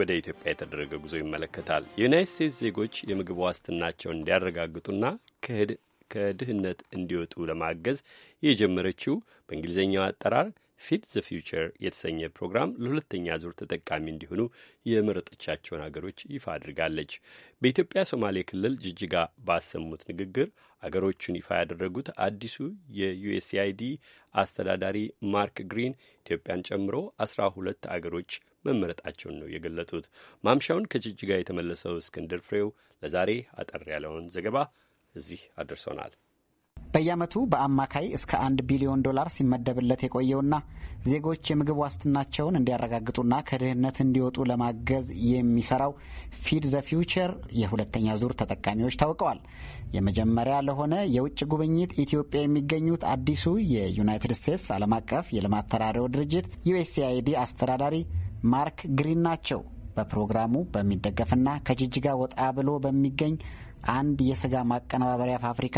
ወደ ኢትዮጵያ የተደረገ ጉዞ ይመለከታል። የዩናይት ስቴትስ ዜጎች የምግብ ዋስትናቸውን እንዲያረጋግጡና ከድህነት እንዲወጡ ለማገዝ የጀመረችው በእንግሊዝኛው አጠራር ፊድ ዘ ፊውቸር የተሰኘ ፕሮግራም ለሁለተኛ ዙር ተጠቃሚ እንዲሆኑ የመረጠቻቸውን አገሮች ይፋ አድርጋለች። በኢትዮጵያ ሶማሌ ክልል ጅጅጋ ባሰሙት ንግግር አገሮቹን ይፋ ያደረጉት አዲሱ የዩኤስኤአይዲ አስተዳዳሪ ማርክ ግሪን ኢትዮጵያን ጨምሮ አስራ ሁለት አገሮች መመረጣቸውን ነው የገለጡት። ማምሻውን ከጅጅጋ የተመለሰው እስክንድር ፍሬው ለዛሬ አጠር ያለውን ዘገባ እዚህ አድርሶናል። በየዓመቱ በአማካይ እስከ አንድ ቢሊዮን ዶላር ሲመደብለት የቆየውና ዜጎች የምግብ ዋስትናቸውን እንዲያረጋግጡና ከድህነት እንዲወጡ ለማገዝ የሚሰራው ፊድ ዘ ፊውቸር የሁለተኛ ዙር ተጠቃሚዎች ታውቀዋል። የመጀመሪያ ለሆነ የውጭ ጉብኝት ኢትዮጵያ የሚገኙት አዲሱ የዩናይትድ ስቴትስ ዓለም አቀፍ የልማት ተራድኦ ድርጅት ዩኤስኤአይዲ አስተዳዳሪ ማርክ ግሪን ናቸው። በፕሮግራሙ በሚደገፍና ከጅጅጋ ወጣ ብሎ በሚገኝ አንድ የስጋ ማቀነባበሪያ ፋብሪካ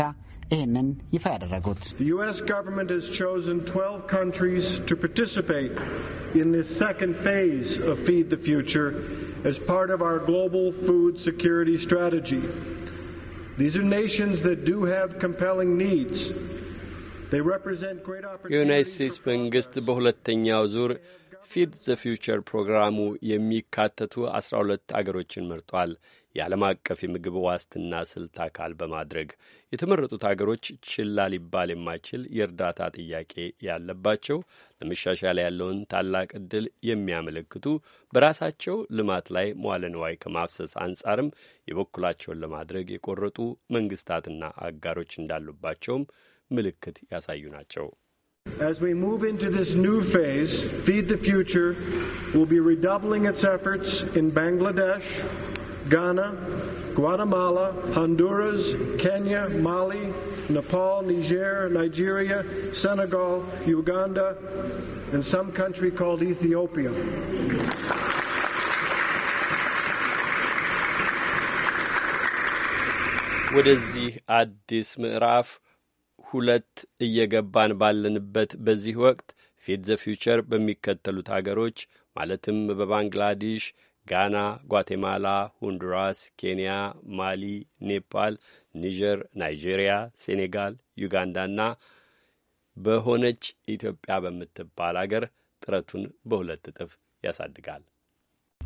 The U.S. government has chosen 12 countries to participate in this second phase of Feed the Future as part of our global food security strategy. These are nations that do have compelling needs. They represent great opportunities. ፊድ ዘ ፊውቸር ፕሮግራሙ የሚካተቱ አስራ ሁለት አገሮችን መርጧል። የዓለም አቀፍ የምግብ ዋስትና ስልት አካል በማድረግ የተመረጡት አገሮች ችላ ሊባል የማይችል የእርዳታ ጥያቄ ያለባቸው ለመሻሻል ያለውን ታላቅ ዕድል የሚያመለክቱ በራሳቸው ልማት ላይ መዋለ ንዋይ ከማፍሰስ አንጻርም የበኩላቸውን ለማድረግ የቆረጡ መንግስታትና አጋሮች እንዳሉባቸውም ምልክት ያሳዩ ናቸው። As we move into this new phase, Feed the Future will be redoubling its efforts in Bangladesh, Ghana, Guatemala, Honduras, Kenya, Mali, Nepal, Niger, Nigeria, Senegal, Uganda, and some country called Ethiopia. ወደዚህ አዲስ ምዕራፍ ሁለት እየገባን ባለንበት በዚህ ወቅት ፊት ዘ ፊውቸር በሚከተሉት አገሮች ማለትም በባንግላዴሽ፣ ጋና፣ ጓቴማላ፣ ሆንዱራስ፣ ኬንያ፣ ማሊ፣ ኔፓል፣ ኒጀር፣ ናይጄሪያ፣ ሴኔጋል፣ ዩጋንዳና በሆነች ኢትዮጵያ በምትባል አገር ጥረቱን በሁለት እጥፍ ያሳድጋል።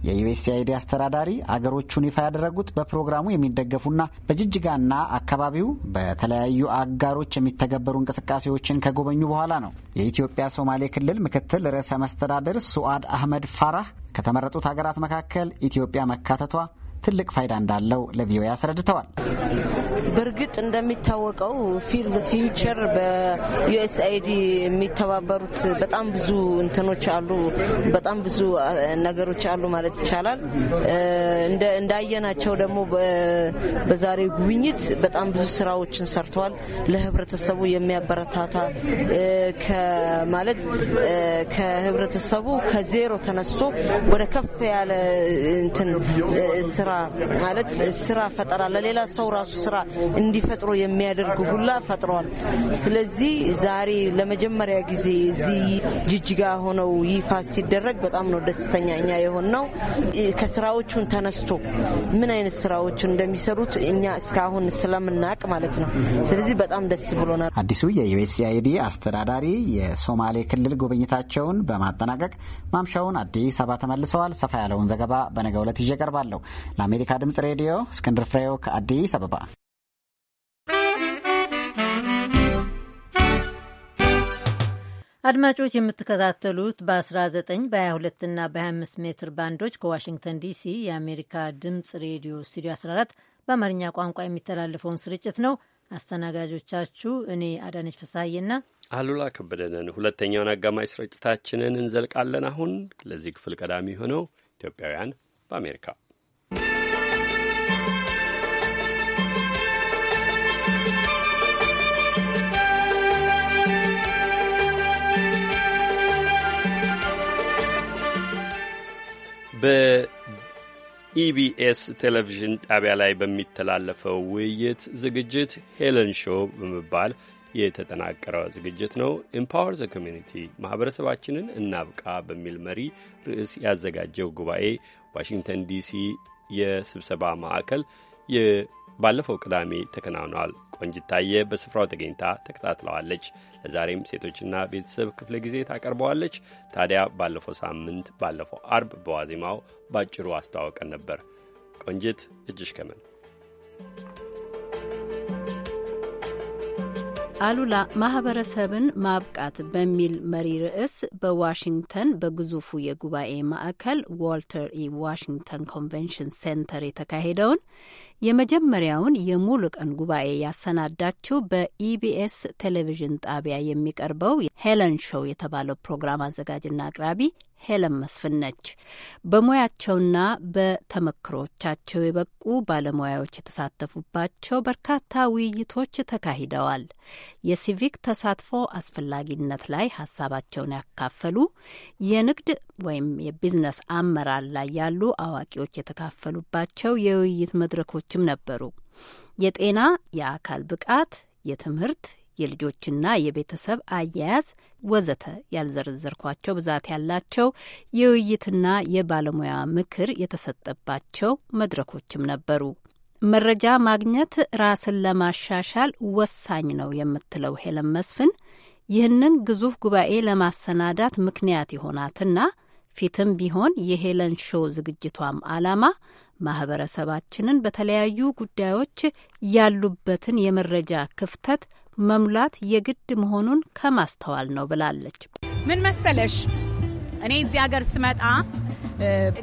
የዩኤስኤአይዲ አስተዳዳሪ አገሮቹን ይፋ ያደረጉት በፕሮግራሙ የሚደገፉና በጅጅጋና አካባቢው በተለያዩ አጋሮች የሚተገበሩ እንቅስቃሴዎችን ከጎበኙ በኋላ ነው። የኢትዮጵያ ሶማሌ ክልል ምክትል ርዕሰ መስተዳድር ሱአድ አህመድ ፋራህ ከተመረጡት ሀገራት መካከል ኢትዮጵያ መካተቷ ትልቅ ፋይዳ እንዳለው ለቪኦኤ አስረድተዋል። በእርግጥ እንደሚታወቀው ፊልድ ፊውቸር በዩኤስአይዲ የሚተባበሩት በጣም ብዙ እንትኖች አሉ፣ በጣም ብዙ ነገሮች አሉ ማለት ይቻላል። እንዳየናቸው ደግሞ በዛሬው ጉብኝት በጣም ብዙ ስራዎችን ሰርተዋል። ለህብረተሰቡ የሚያበረታታ ማለት ከህብረተሰቡ ከዜሮ ተነስቶ ወደ ከፍ ያለ እንትን ስራ ስራ ማለት ስራ ፈጠራ ለሌላ ሰው ራሱ ስራ እንዲፈጥሮ የሚያደርግ ሁላ ፈጥሯል። ስለዚህ ዛሬ ለመጀመሪያ ጊዜ እዚህ ጅጅጋ ሆነው ይፋ ሲደረግ በጣም ነው ደስተኛ እኛ የሆን ነው። ከስራዎቹን ተነስቶ ምን አይነት ስራዎችን እንደሚሰሩት እኛ እስካሁን ስለምናቅ ማለት ነው። ስለዚህ በጣም ደስ ብሎናል። አዲሱ የዩኤስአይዲ አስተዳዳሪ የሶማሌ ክልል ጉብኝታቸውን በማጠናቀቅ ማምሻውን አዲስ አበባ ተመልሰዋል። ሰፋ ያለውን ዘገባ በነገው ዕለት ይዤ ቀርባለሁ። ለአሜሪካ ድምፅ ሬዲዮ እስክንድር ፍሬው ከአዲስ አበባ። አድማጮች የምትከታተሉት በ19 በ22 እና በ25 ሜትር ባንዶች ከዋሽንግተን ዲሲ የአሜሪካ ድምፅ ሬዲዮ ስቱዲዮ 14 በአማርኛ ቋንቋ የሚተላለፈውን ስርጭት ነው። አስተናጋጆቻችሁ እኔ አዳነች ፍስሐዬና አሉላ ከበደነን። ሁለተኛውን አጋማሽ ስርጭታችንን እንዘልቃለን። አሁን ለዚህ ክፍል ቀዳሚ የሆነው ኢትዮጵያውያን በአሜሪካ በኢቢኤስ ቴሌቪዥን ጣቢያ ላይ በሚተላለፈው ውይይት ዝግጅት ሄለን ሾው በመባል የተጠናቀረ ዝግጅት ነው። ኤምፓወር ዘ ኮሚኒቲ ማህበረሰባችንን እናብቃ በሚል መሪ ርዕስ ያዘጋጀው ጉባኤ ዋሽንግተን ዲሲ የስብሰባ ማዕከል ባለፈው ቅዳሜ ተከናውኗል። ቆንጅታየ በስፍራው ተገኝታ ተከታትለዋለች። ለዛሬም ሴቶችና ቤተሰብ ክፍለ ጊዜ ታቀርበዋለች። ታዲያ ባለፈው ሳምንት ባለፈው አርብ በዋዜማው ባጭሩ አስተዋወቀን ነበር። ቆንጅት እጅሽ ከምን አሉላ ማህበረሰብን ማብቃት በሚል መሪ ርዕስ በዋሽንግተን በግዙፉ የጉባኤ ማዕከል ዋልተር ኢ ዋሽንግተን ኮንቬንሽን ሴንተር የተካሄደውን የመጀመሪያውን የሙሉ ቀን ጉባኤ ያሰናዳችው በኢቢኤስ ቴሌቪዥን ጣቢያ የሚቀርበው ሄለን ሾው የተባለው ፕሮግራም አዘጋጅና አቅራቢ ሄለን መስፍን ነች። በሙያቸውና በተመክሮቻቸው የበቁ ባለሙያዎች የተሳተፉባቸው በርካታ ውይይቶች ተካሂደዋል። የሲቪክ ተሳትፎ አስፈላጊነት ላይ ሀሳባቸውን ያካፈሉ፣ የንግድ ወይም የቢዝነስ አመራር ላይ ያሉ አዋቂዎች የተካፈሉባቸው የውይይት መድረኮች ጉዳዮችም ነበሩ። የጤና፣ የአካል ብቃት፣ የትምህርት፣ የልጆችና የቤተሰብ አያያዝ ወዘተ ያልዘረዘርኳቸው ብዛት ያላቸው የውይይትና የባለሙያ ምክር የተሰጠባቸው መድረኮችም ነበሩ። መረጃ ማግኘት ራስን ለማሻሻል ወሳኝ ነው የምትለው ሄለን መስፍን ይህንን ግዙፍ ጉባኤ ለማሰናዳት ምክንያት የሆናትና ፊትም ቢሆን የሄለን ሾው ዝግጅቷም ዓላማ ማህበረሰባችንን በተለያዩ ጉዳዮች ያሉበትን የመረጃ ክፍተት መሙላት የግድ መሆኑን ከማስተዋል ነው ብላለች። ምን መሰለሽ እኔ እዚህ ሀገር ስመጣ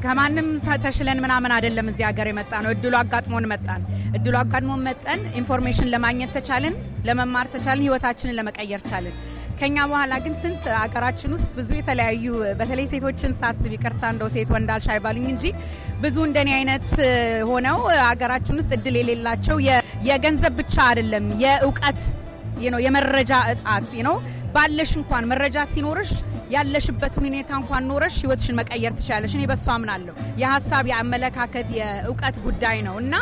ከማንም ተሽለን ምናምን አይደለም። እዚህ ሀገር የመጣ ነው። እድሉ አጋጥሞን መጣን። እድሉ አጋጥሞን መጠን ኢንፎርሜሽን ለማግኘት ተቻለን ለመማር ተቻልን፣ ህይወታችንን ለመቀየር ቻለን። ከኛ በኋላ ግን ስንት አገራችን ውስጥ ብዙ የተለያዩ በተለይ ሴቶችን ሳስብ ይቅርታ እንደው ሴት ወንድ አልሽ አይባሉኝ እንጂ ብዙ እንደኔ አይነት ሆነው አገራችን ውስጥ እድል የሌላቸው የገንዘብ ብቻ አይደለም የእውቀት የመረጃ እጣት ነው። ባለሽ እንኳን መረጃ ሲኖርሽ ያለሽበትን ሁኔታ እንኳን ኖረሽ ህይወትሽን መቀየር ትችላለሽ። እኔ በሷ አምናለሁ። የሀሳብ የአመለካከት የእውቀት ጉዳይ ነው እና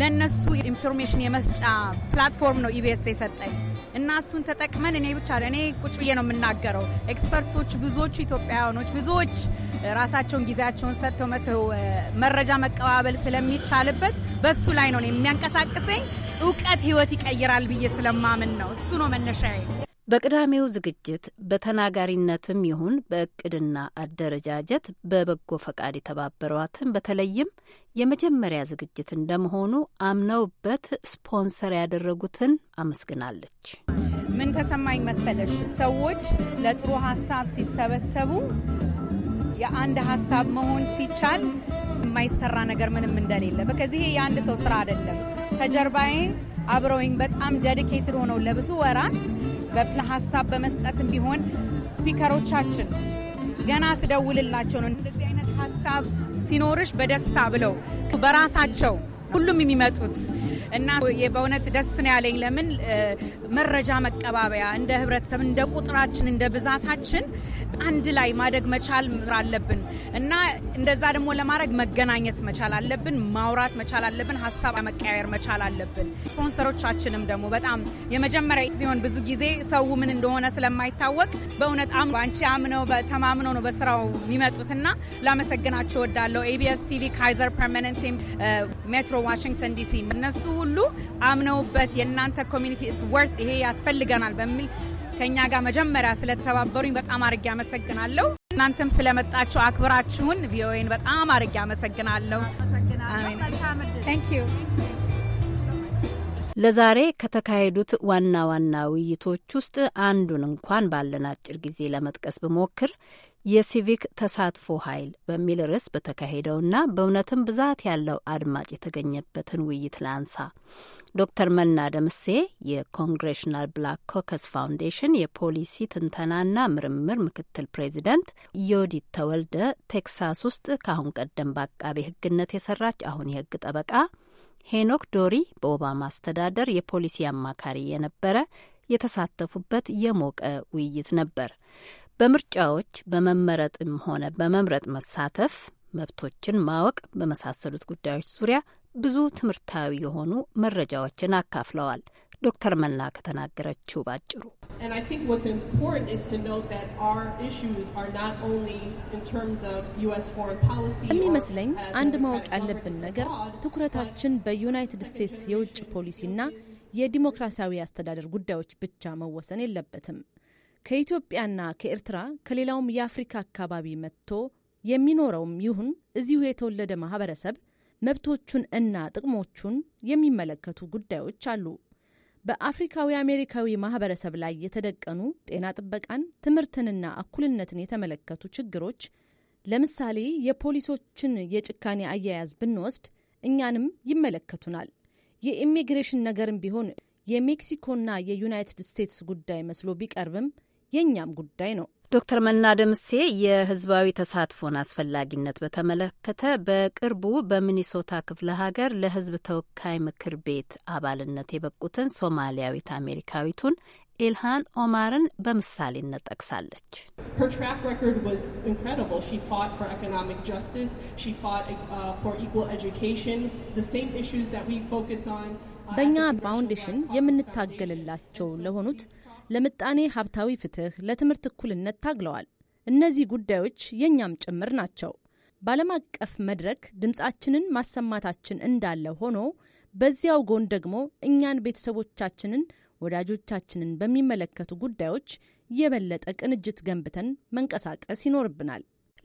ለእነሱ ኢንፎርሜሽን የመስጫ ፕላትፎርም ነው ኢቢኤስ የሰጠኝ እና እሱን ተጠቅመን እኔ ብቻ እኔ ቁጭ ብዬ ነው የምናገረው። ኤክስፐርቶች ብዙዎቹ ኢትዮጵያውያኖች ብዙዎች ራሳቸውን ጊዜያቸውን ሰጥተው መተው መረጃ መቀባበል ስለሚቻልበት በሱ ላይ ነው የሚያንቀሳቅሰኝ እውቀት ህይወት ይቀይራል ብዬ ስለማምን ነው። እሱ ነው መነሻዬ። በቅዳሜው ዝግጅት በተናጋሪነትም ይሁን በእቅድና አደረጃጀት በበጎ ፈቃድ የተባበሯትን በተለይም የመጀመሪያ ዝግጅት እንደመሆኑ አምነውበት ስፖንሰር ያደረጉትን አመስግናለች። ምን ተሰማኝ መሰለሽ? ሰዎች ለጥሩ ሀሳብ ሲሰበሰቡ የአንድ ሀሳብ መሆን ሲቻል የማይሰራ ነገር ምንም እንደሌለ በከዚህ የአንድ ሰው ስራ አይደለም ከጀርባዬ አብረውኝ በጣም ዴዲኬትድ ሆነው ለብዙ ወራት በፕላ ሀሳብ በመስጠትም ቢሆን ስፒከሮቻችን ገና ስደውልላቸው ነው እንደዚህ አይነት ሀሳብ ሲኖርሽ በደስታ ብለው በራሳቸው ሁሉም የሚመጡት እና በእውነት ደስ ነው ያለኝ። ለምን መረጃ መቀባበያ እንደ ህብረተሰብ እንደ ቁጥራችን እንደ ብዛታችን አንድ ላይ ማደግ መቻል አለብን እና እንደዛ ደግሞ ለማድረግ መገናኘት መቻል አለብን፣ ማውራት መቻል አለብን፣ ሀሳብ መቀያየር መቻል አለብን። ስፖንሰሮቻችንም ደግሞ በጣም የመጀመሪያ ሲሆን ብዙ ጊዜ ሰው ምን እንደሆነ ስለማይታወቅ በእውነት አምኖ አንቺ አምነው ተማምኖ ነው በስራው የሚመጡትና ላመሰግናቸው ወዳለው ኤቢኤስ ቲቪ፣ ካይዘር ፐርማነንት፣ ሜትሮ ዋሽንግተን ዲሲ እነሱ ሁሉ አምነውበት የእናንተ ኮሚኒቲ ኢትስ ወርት ይሄ ያስፈልገናል በሚል ከእኛ ጋር መጀመሪያ ስለተባበሩኝ በጣም አድርጌ አመሰግናለሁ። እናንተም ስለመጣችሁ አክብራችሁን ቪኦኤን በጣም አድርጌ አመሰግናለሁ። ለዛሬ ከተካሄዱት ዋና ዋና ውይይቶች ውስጥ አንዱን እንኳን ባለን አጭር ጊዜ ለመጥቀስ ብሞክር የሲቪክ ተሳትፎ ኃይል በሚል ርዕስ በተካሄደውና በእውነትም ብዛት ያለው አድማጭ የተገኘበትን ውይይት ላንሳ። ዶክተር መና ደምሴ የኮንግሬሽናል ብላክ ኮከስ ፋውንዴሽን የፖሊሲ ትንተናና ምርምር ምክትል ፕሬዚደንት፣ ዮዲት ተወልደ ቴክሳስ ውስጥ ከአሁን ቀደም በአቃቤ ሕግነት የሰራች አሁን የሕግ ጠበቃ፣ ሄኖክ ዶሪ በኦባማ አስተዳደር የፖሊሲ አማካሪ የነበረ የተሳተፉበት የሞቀ ውይይት ነበር። በምርጫዎች በመመረጥም ሆነ በመምረጥ መሳተፍ፣ መብቶችን ማወቅ በመሳሰሉት ጉዳዮች ዙሪያ ብዙ ትምህርታዊ የሆኑ መረጃዎችን አካፍለዋል። ዶክተር መላ ከተናገረችው ባጭሩ የሚመስለኝ አንድ ማወቅ ያለብን ነገር ትኩረታችን በዩናይትድ ስቴትስ የውጭ ፖሊሲና የዲሞክራሲያዊ አስተዳደር ጉዳዮች ብቻ መወሰን የለበትም። ከኢትዮጵያና ከኤርትራ ከሌላውም የአፍሪካ አካባቢ መጥቶ የሚኖረውም ይሁን እዚሁ የተወለደ ማህበረሰብ መብቶቹን እና ጥቅሞቹን የሚመለከቱ ጉዳዮች አሉ። በአፍሪካዊ አሜሪካዊ ማህበረሰብ ላይ የተደቀኑ ጤና ጥበቃን፣ ትምህርትንና እኩልነትን የተመለከቱ ችግሮች ለምሳሌ የፖሊሶችን የጭካኔ አያያዝ ብንወስድ እኛንም ይመለከቱናል። የኢሚግሬሽን ነገርም ቢሆን የሜክሲኮና የዩናይትድ ስቴትስ ጉዳይ መስሎ ቢቀርብም የእኛም ጉዳይ ነው። ዶክተር መና ደምሴ የህዝባዊ ተሳትፎን አስፈላጊነት በተመለከተ በቅርቡ በሚኒሶታ ክፍለ ሀገር ለህዝብ ተወካይ ምክር ቤት አባልነት የበቁትን ሶማሊያዊት አሜሪካዊቱን ኢልሃን ኦማርን በምሳሌነት ጠቅሳለች። uh, uh, በእኛ ፋውንዴሽን የምንታገልላቸው ለሆኑት ለምጣኔ ሀብታዊ ፍትህ፣ ለትምህርት እኩልነት ታግለዋል። እነዚህ ጉዳዮች የእኛም ጭምር ናቸው። በዓለም አቀፍ መድረክ ድምፃችንን ማሰማታችን እንዳለ ሆኖ በዚያው ጎን ደግሞ እኛን ቤተሰቦቻችንን፣ ወዳጆቻችንን በሚመለከቱ ጉዳዮች የበለጠ ቅንጅት ገንብተን መንቀሳቀስ ይኖርብናል።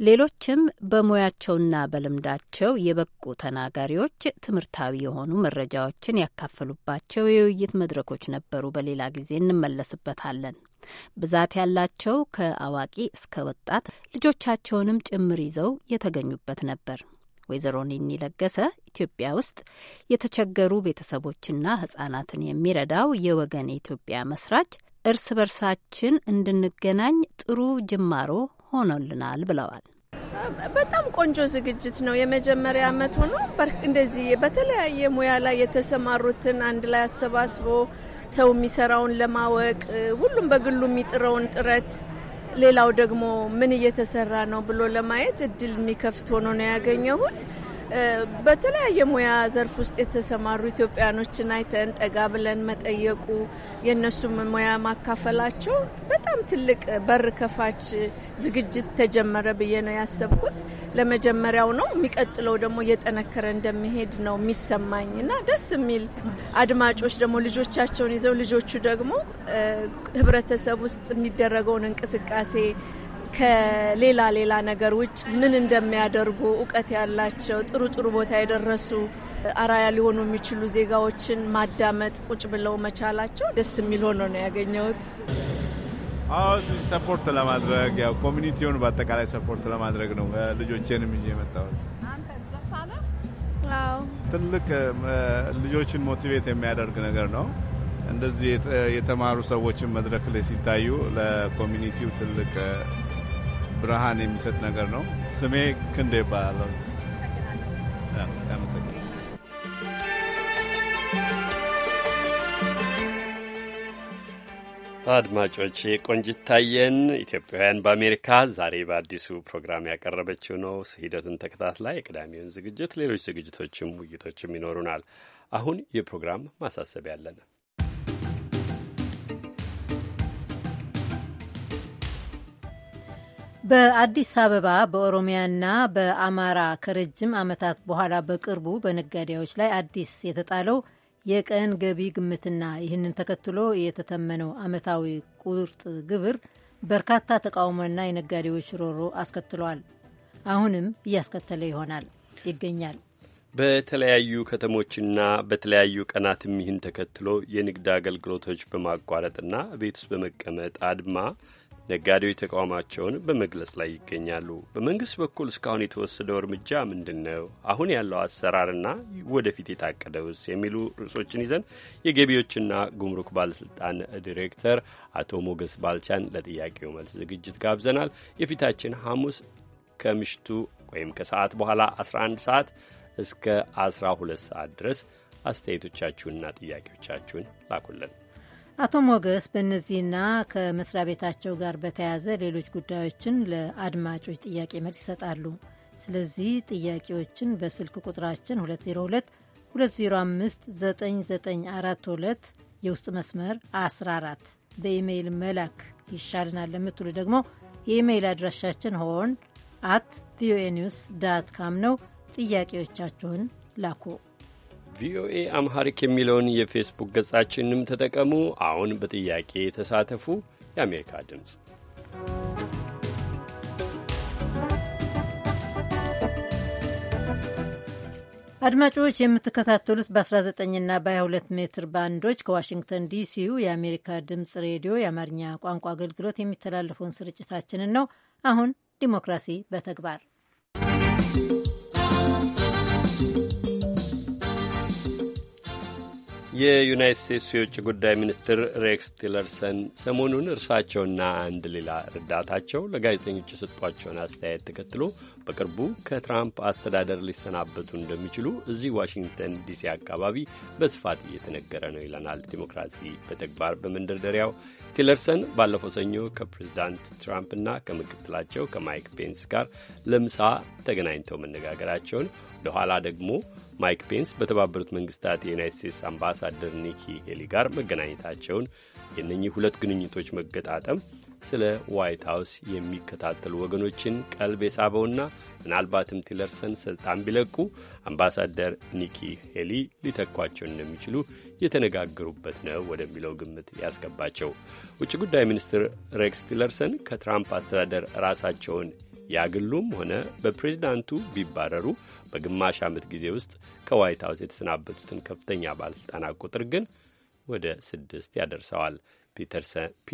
ሌሎችም በሙያቸውና በልምዳቸው የበቁ ተናጋሪዎች ትምህርታዊ የሆኑ መረጃዎችን ያካፈሉባቸው የውይይት መድረኮች ነበሩ። በሌላ ጊዜ እንመለስበታለን። ብዛት ያላቸው ከአዋቂ እስከ ወጣት ልጆቻቸውንም ጭምር ይዘው የተገኙበት ነበር። ወይዘሮ ኒኒ ለገሰ ኢትዮጵያ ውስጥ የተቸገሩ ቤተሰቦችና ህጻናትን የሚረዳው የወገን የኢትዮጵያ መስራች እርስ በርሳችን እንድንገናኝ ጥሩ ጅማሮ ሆኖልናል ብለዋል። በጣም ቆንጆ ዝግጅት ነው። የመጀመሪያ አመት ሆኖ እንደዚህ በተለያየ ሙያ ላይ የተሰማሩትን አንድ ላይ አሰባስቦ ሰው የሚሰራውን ለማወቅ ሁሉም በግሉ የሚጥረውን ጥረት ሌላው ደግሞ ምን እየተሰራ ነው ብሎ ለማየት እድል የሚከፍት ሆኖ ነው ያገኘሁት። በተለያየ ሙያ ዘርፍ ውስጥ የተሰማሩ ኢትዮጵያኖችን አይተን ጠጋ ብለን መጠየቁ የእነሱም ሙያ ማካፈላቸው በጣም ትልቅ በር ከፋች ዝግጅት ተጀመረ ብዬ ነው ያሰብኩት። ለመጀመሪያው ነው። የሚቀጥለው ደግሞ እየጠነከረ እንደሚሄድ ነው የሚሰማኝ እና ደስ የሚል አድማጮች ደግሞ ልጆቻቸውን ይዘው ልጆቹ ደግሞ ህብረተሰብ ውስጥ የሚደረገውን እንቅስቃሴ ከሌላ ሌላ ነገር ውጭ ምን እንደሚያደርጉ እውቀት ያላቸው ጥሩ ጥሩ ቦታ የደረሱ አራያ ሊሆኑ የሚችሉ ዜጋዎችን ማዳመጥ ቁጭ ብለው መቻላቸው ደስ የሚል ሆኖ ነው ያገኘሁት። ሰፖርት ለማድረግ ያው ኮሚኒቲውን በአጠቃላይ ሰፖርት ለማድረግ ነው ልጆቼንም ይዤ የመጣሁት። ትልቅ ልጆችን ሞቲቬት የሚያደርግ ነገር ነው። እንደዚህ የተማሩ ሰዎችን መድረክ ላይ ሲታዩ ለኮሚኒቲው ትልቅ ብርሃን የሚሰጥ ነገር ነው። ስሜ ክንዴ ይባላለሁ። አድማጮች ቆንጅታየን ኢትዮጵያውያን በአሜሪካ ዛሬ በአዲሱ ፕሮግራም ያቀረበችው ነው። ሂደቱን ተከታትላ የቅዳሜውን ዝግጅት፣ ሌሎች ዝግጅቶችም ውይይቶችም ይኖሩናል። አሁን የፕሮግራም ማሳሰቢያ አለን። በአዲስ አበባ በኦሮሚያና በአማራ ከረጅም ዓመታት በኋላ በቅርቡ በነጋዴዎች ላይ አዲስ የተጣለው የቀን ገቢ ግምትና ይህንን ተከትሎ የተተመነው ዓመታዊ ቁርጥ ግብር በርካታ ተቃውሞና የነጋዴዎች ሮሮ አስከትሏል። አሁንም እያስከተለ ይሆናል ይገኛል። በተለያዩ ከተሞችና በተለያዩ ቀናትም ይህን ተከትሎ የንግድ አገልግሎቶች በማቋረጥና ቤት ውስጥ በመቀመጥ አድማ ነጋዴዎች ተቃውሟቸውን በመግለጽ ላይ ይገኛሉ። በመንግስት በኩል እስካሁን የተወሰደው እርምጃ ምንድን ነው? አሁን ያለው አሰራርና ወደፊት የታቀደውስ የሚሉ ርዕሶችን ይዘን የገቢዎችና ጉምሩክ ባለስልጣን ዲሬክተር አቶ ሞገስ ባልቻን ለጥያቄው መልስ ዝግጅት ጋብዘናል። የፊታችን ሐሙስ ከምሽቱ ወይም ከሰዓት በኋላ 11 ሰዓት እስከ 12 ሰዓት ድረስ አስተያየቶቻችሁንና ጥያቄዎቻችሁን ላኩልን። አቶ ሞገስ በእነዚህና ከመስሪያ ቤታቸው ጋር በተያያዘ ሌሎች ጉዳዮችን ለአድማጮች ጥያቄ መልስ ይሰጣሉ። ስለዚህ ጥያቄዎችን በስልክ ቁጥራችን 202 2022059942 የውስጥ መስመር 14 በኢሜይል መላክ ይሻልናል ለምትሉ ደግሞ የኢሜይል አድራሻችን ሆን አት ቪኦኤ ኒውስ ዳት ካም ነው። ጥያቄዎቻችሁን ላኩ። ቪኦኤ አምሃሪክ የሚለውን የፌስቡክ ገጻችንም ተጠቀሙ። አሁን በጥያቄ ተሳተፉ። የአሜሪካ ድምፅ አድማጮች የምትከታተሉት በ19ና በ22 ሜትር ባንዶች ከዋሽንግተን ዲሲው የአሜሪካ ድምፅ ሬዲዮ የአማርኛ ቋንቋ አገልግሎት የሚተላለፈውን ስርጭታችንን ነው። አሁን ዲሞክራሲ በተግባር የዩናይት ስቴትስ የውጭ ጉዳይ ሚኒስትር ሬክስ ቲለርሰን ሰሞኑን እርሳቸውና አንድ ሌላ ረዳታቸው ለጋዜጠኞች የሰጧቸውን አስተያየት ተከትሎ በቅርቡ ከትራምፕ አስተዳደር ሊሰናበቱ እንደሚችሉ እዚህ ዋሽንግተን ዲሲ አካባቢ በስፋት እየተነገረ ነው ይለናል ዲሞክራሲ በተግባር በመንደርደሪያው። ቲለርሰን ባለፈው ሰኞ ከፕሬዚዳንት ትራምፕና ከምክትላቸው ከማይክ ፔንስ ጋር ለምሳ ተገናኝተው መነጋገራቸውን ለኋላ ደግሞ ማይክ ፔንስ በተባበሩት መንግስታት የዩናይት ስቴትስ አምባሳደር ኒኪ ሄሊ ጋር መገናኘታቸውን የነኚህ ሁለት ግንኙቶች መገጣጠም ስለ ዋይት ሀውስ የሚከታተሉ ወገኖችን ቀልብ የሳበውና ምናልባትም ቲለርሰን ስልጣን ቢለቁ አምባሳደር ኒኪ ሄሊ ሊተኳቸው እንደሚችሉ የተነጋገሩበት ነው ወደሚለው ግምት ያስገባቸው ውጭ ጉዳይ ሚኒስትር ሬክስ ቲለርሰን ከትራምፕ አስተዳደር ራሳቸውን ያግሉም ሆነ በፕሬዚዳንቱ ቢባረሩ በግማሽ ዓመት ጊዜ ውስጥ ከዋይት ሀውስ የተሰናበቱትን ከፍተኛ ባለሥልጣናት ቁጥር ግን ወደ ስድስት ያደርሰዋል።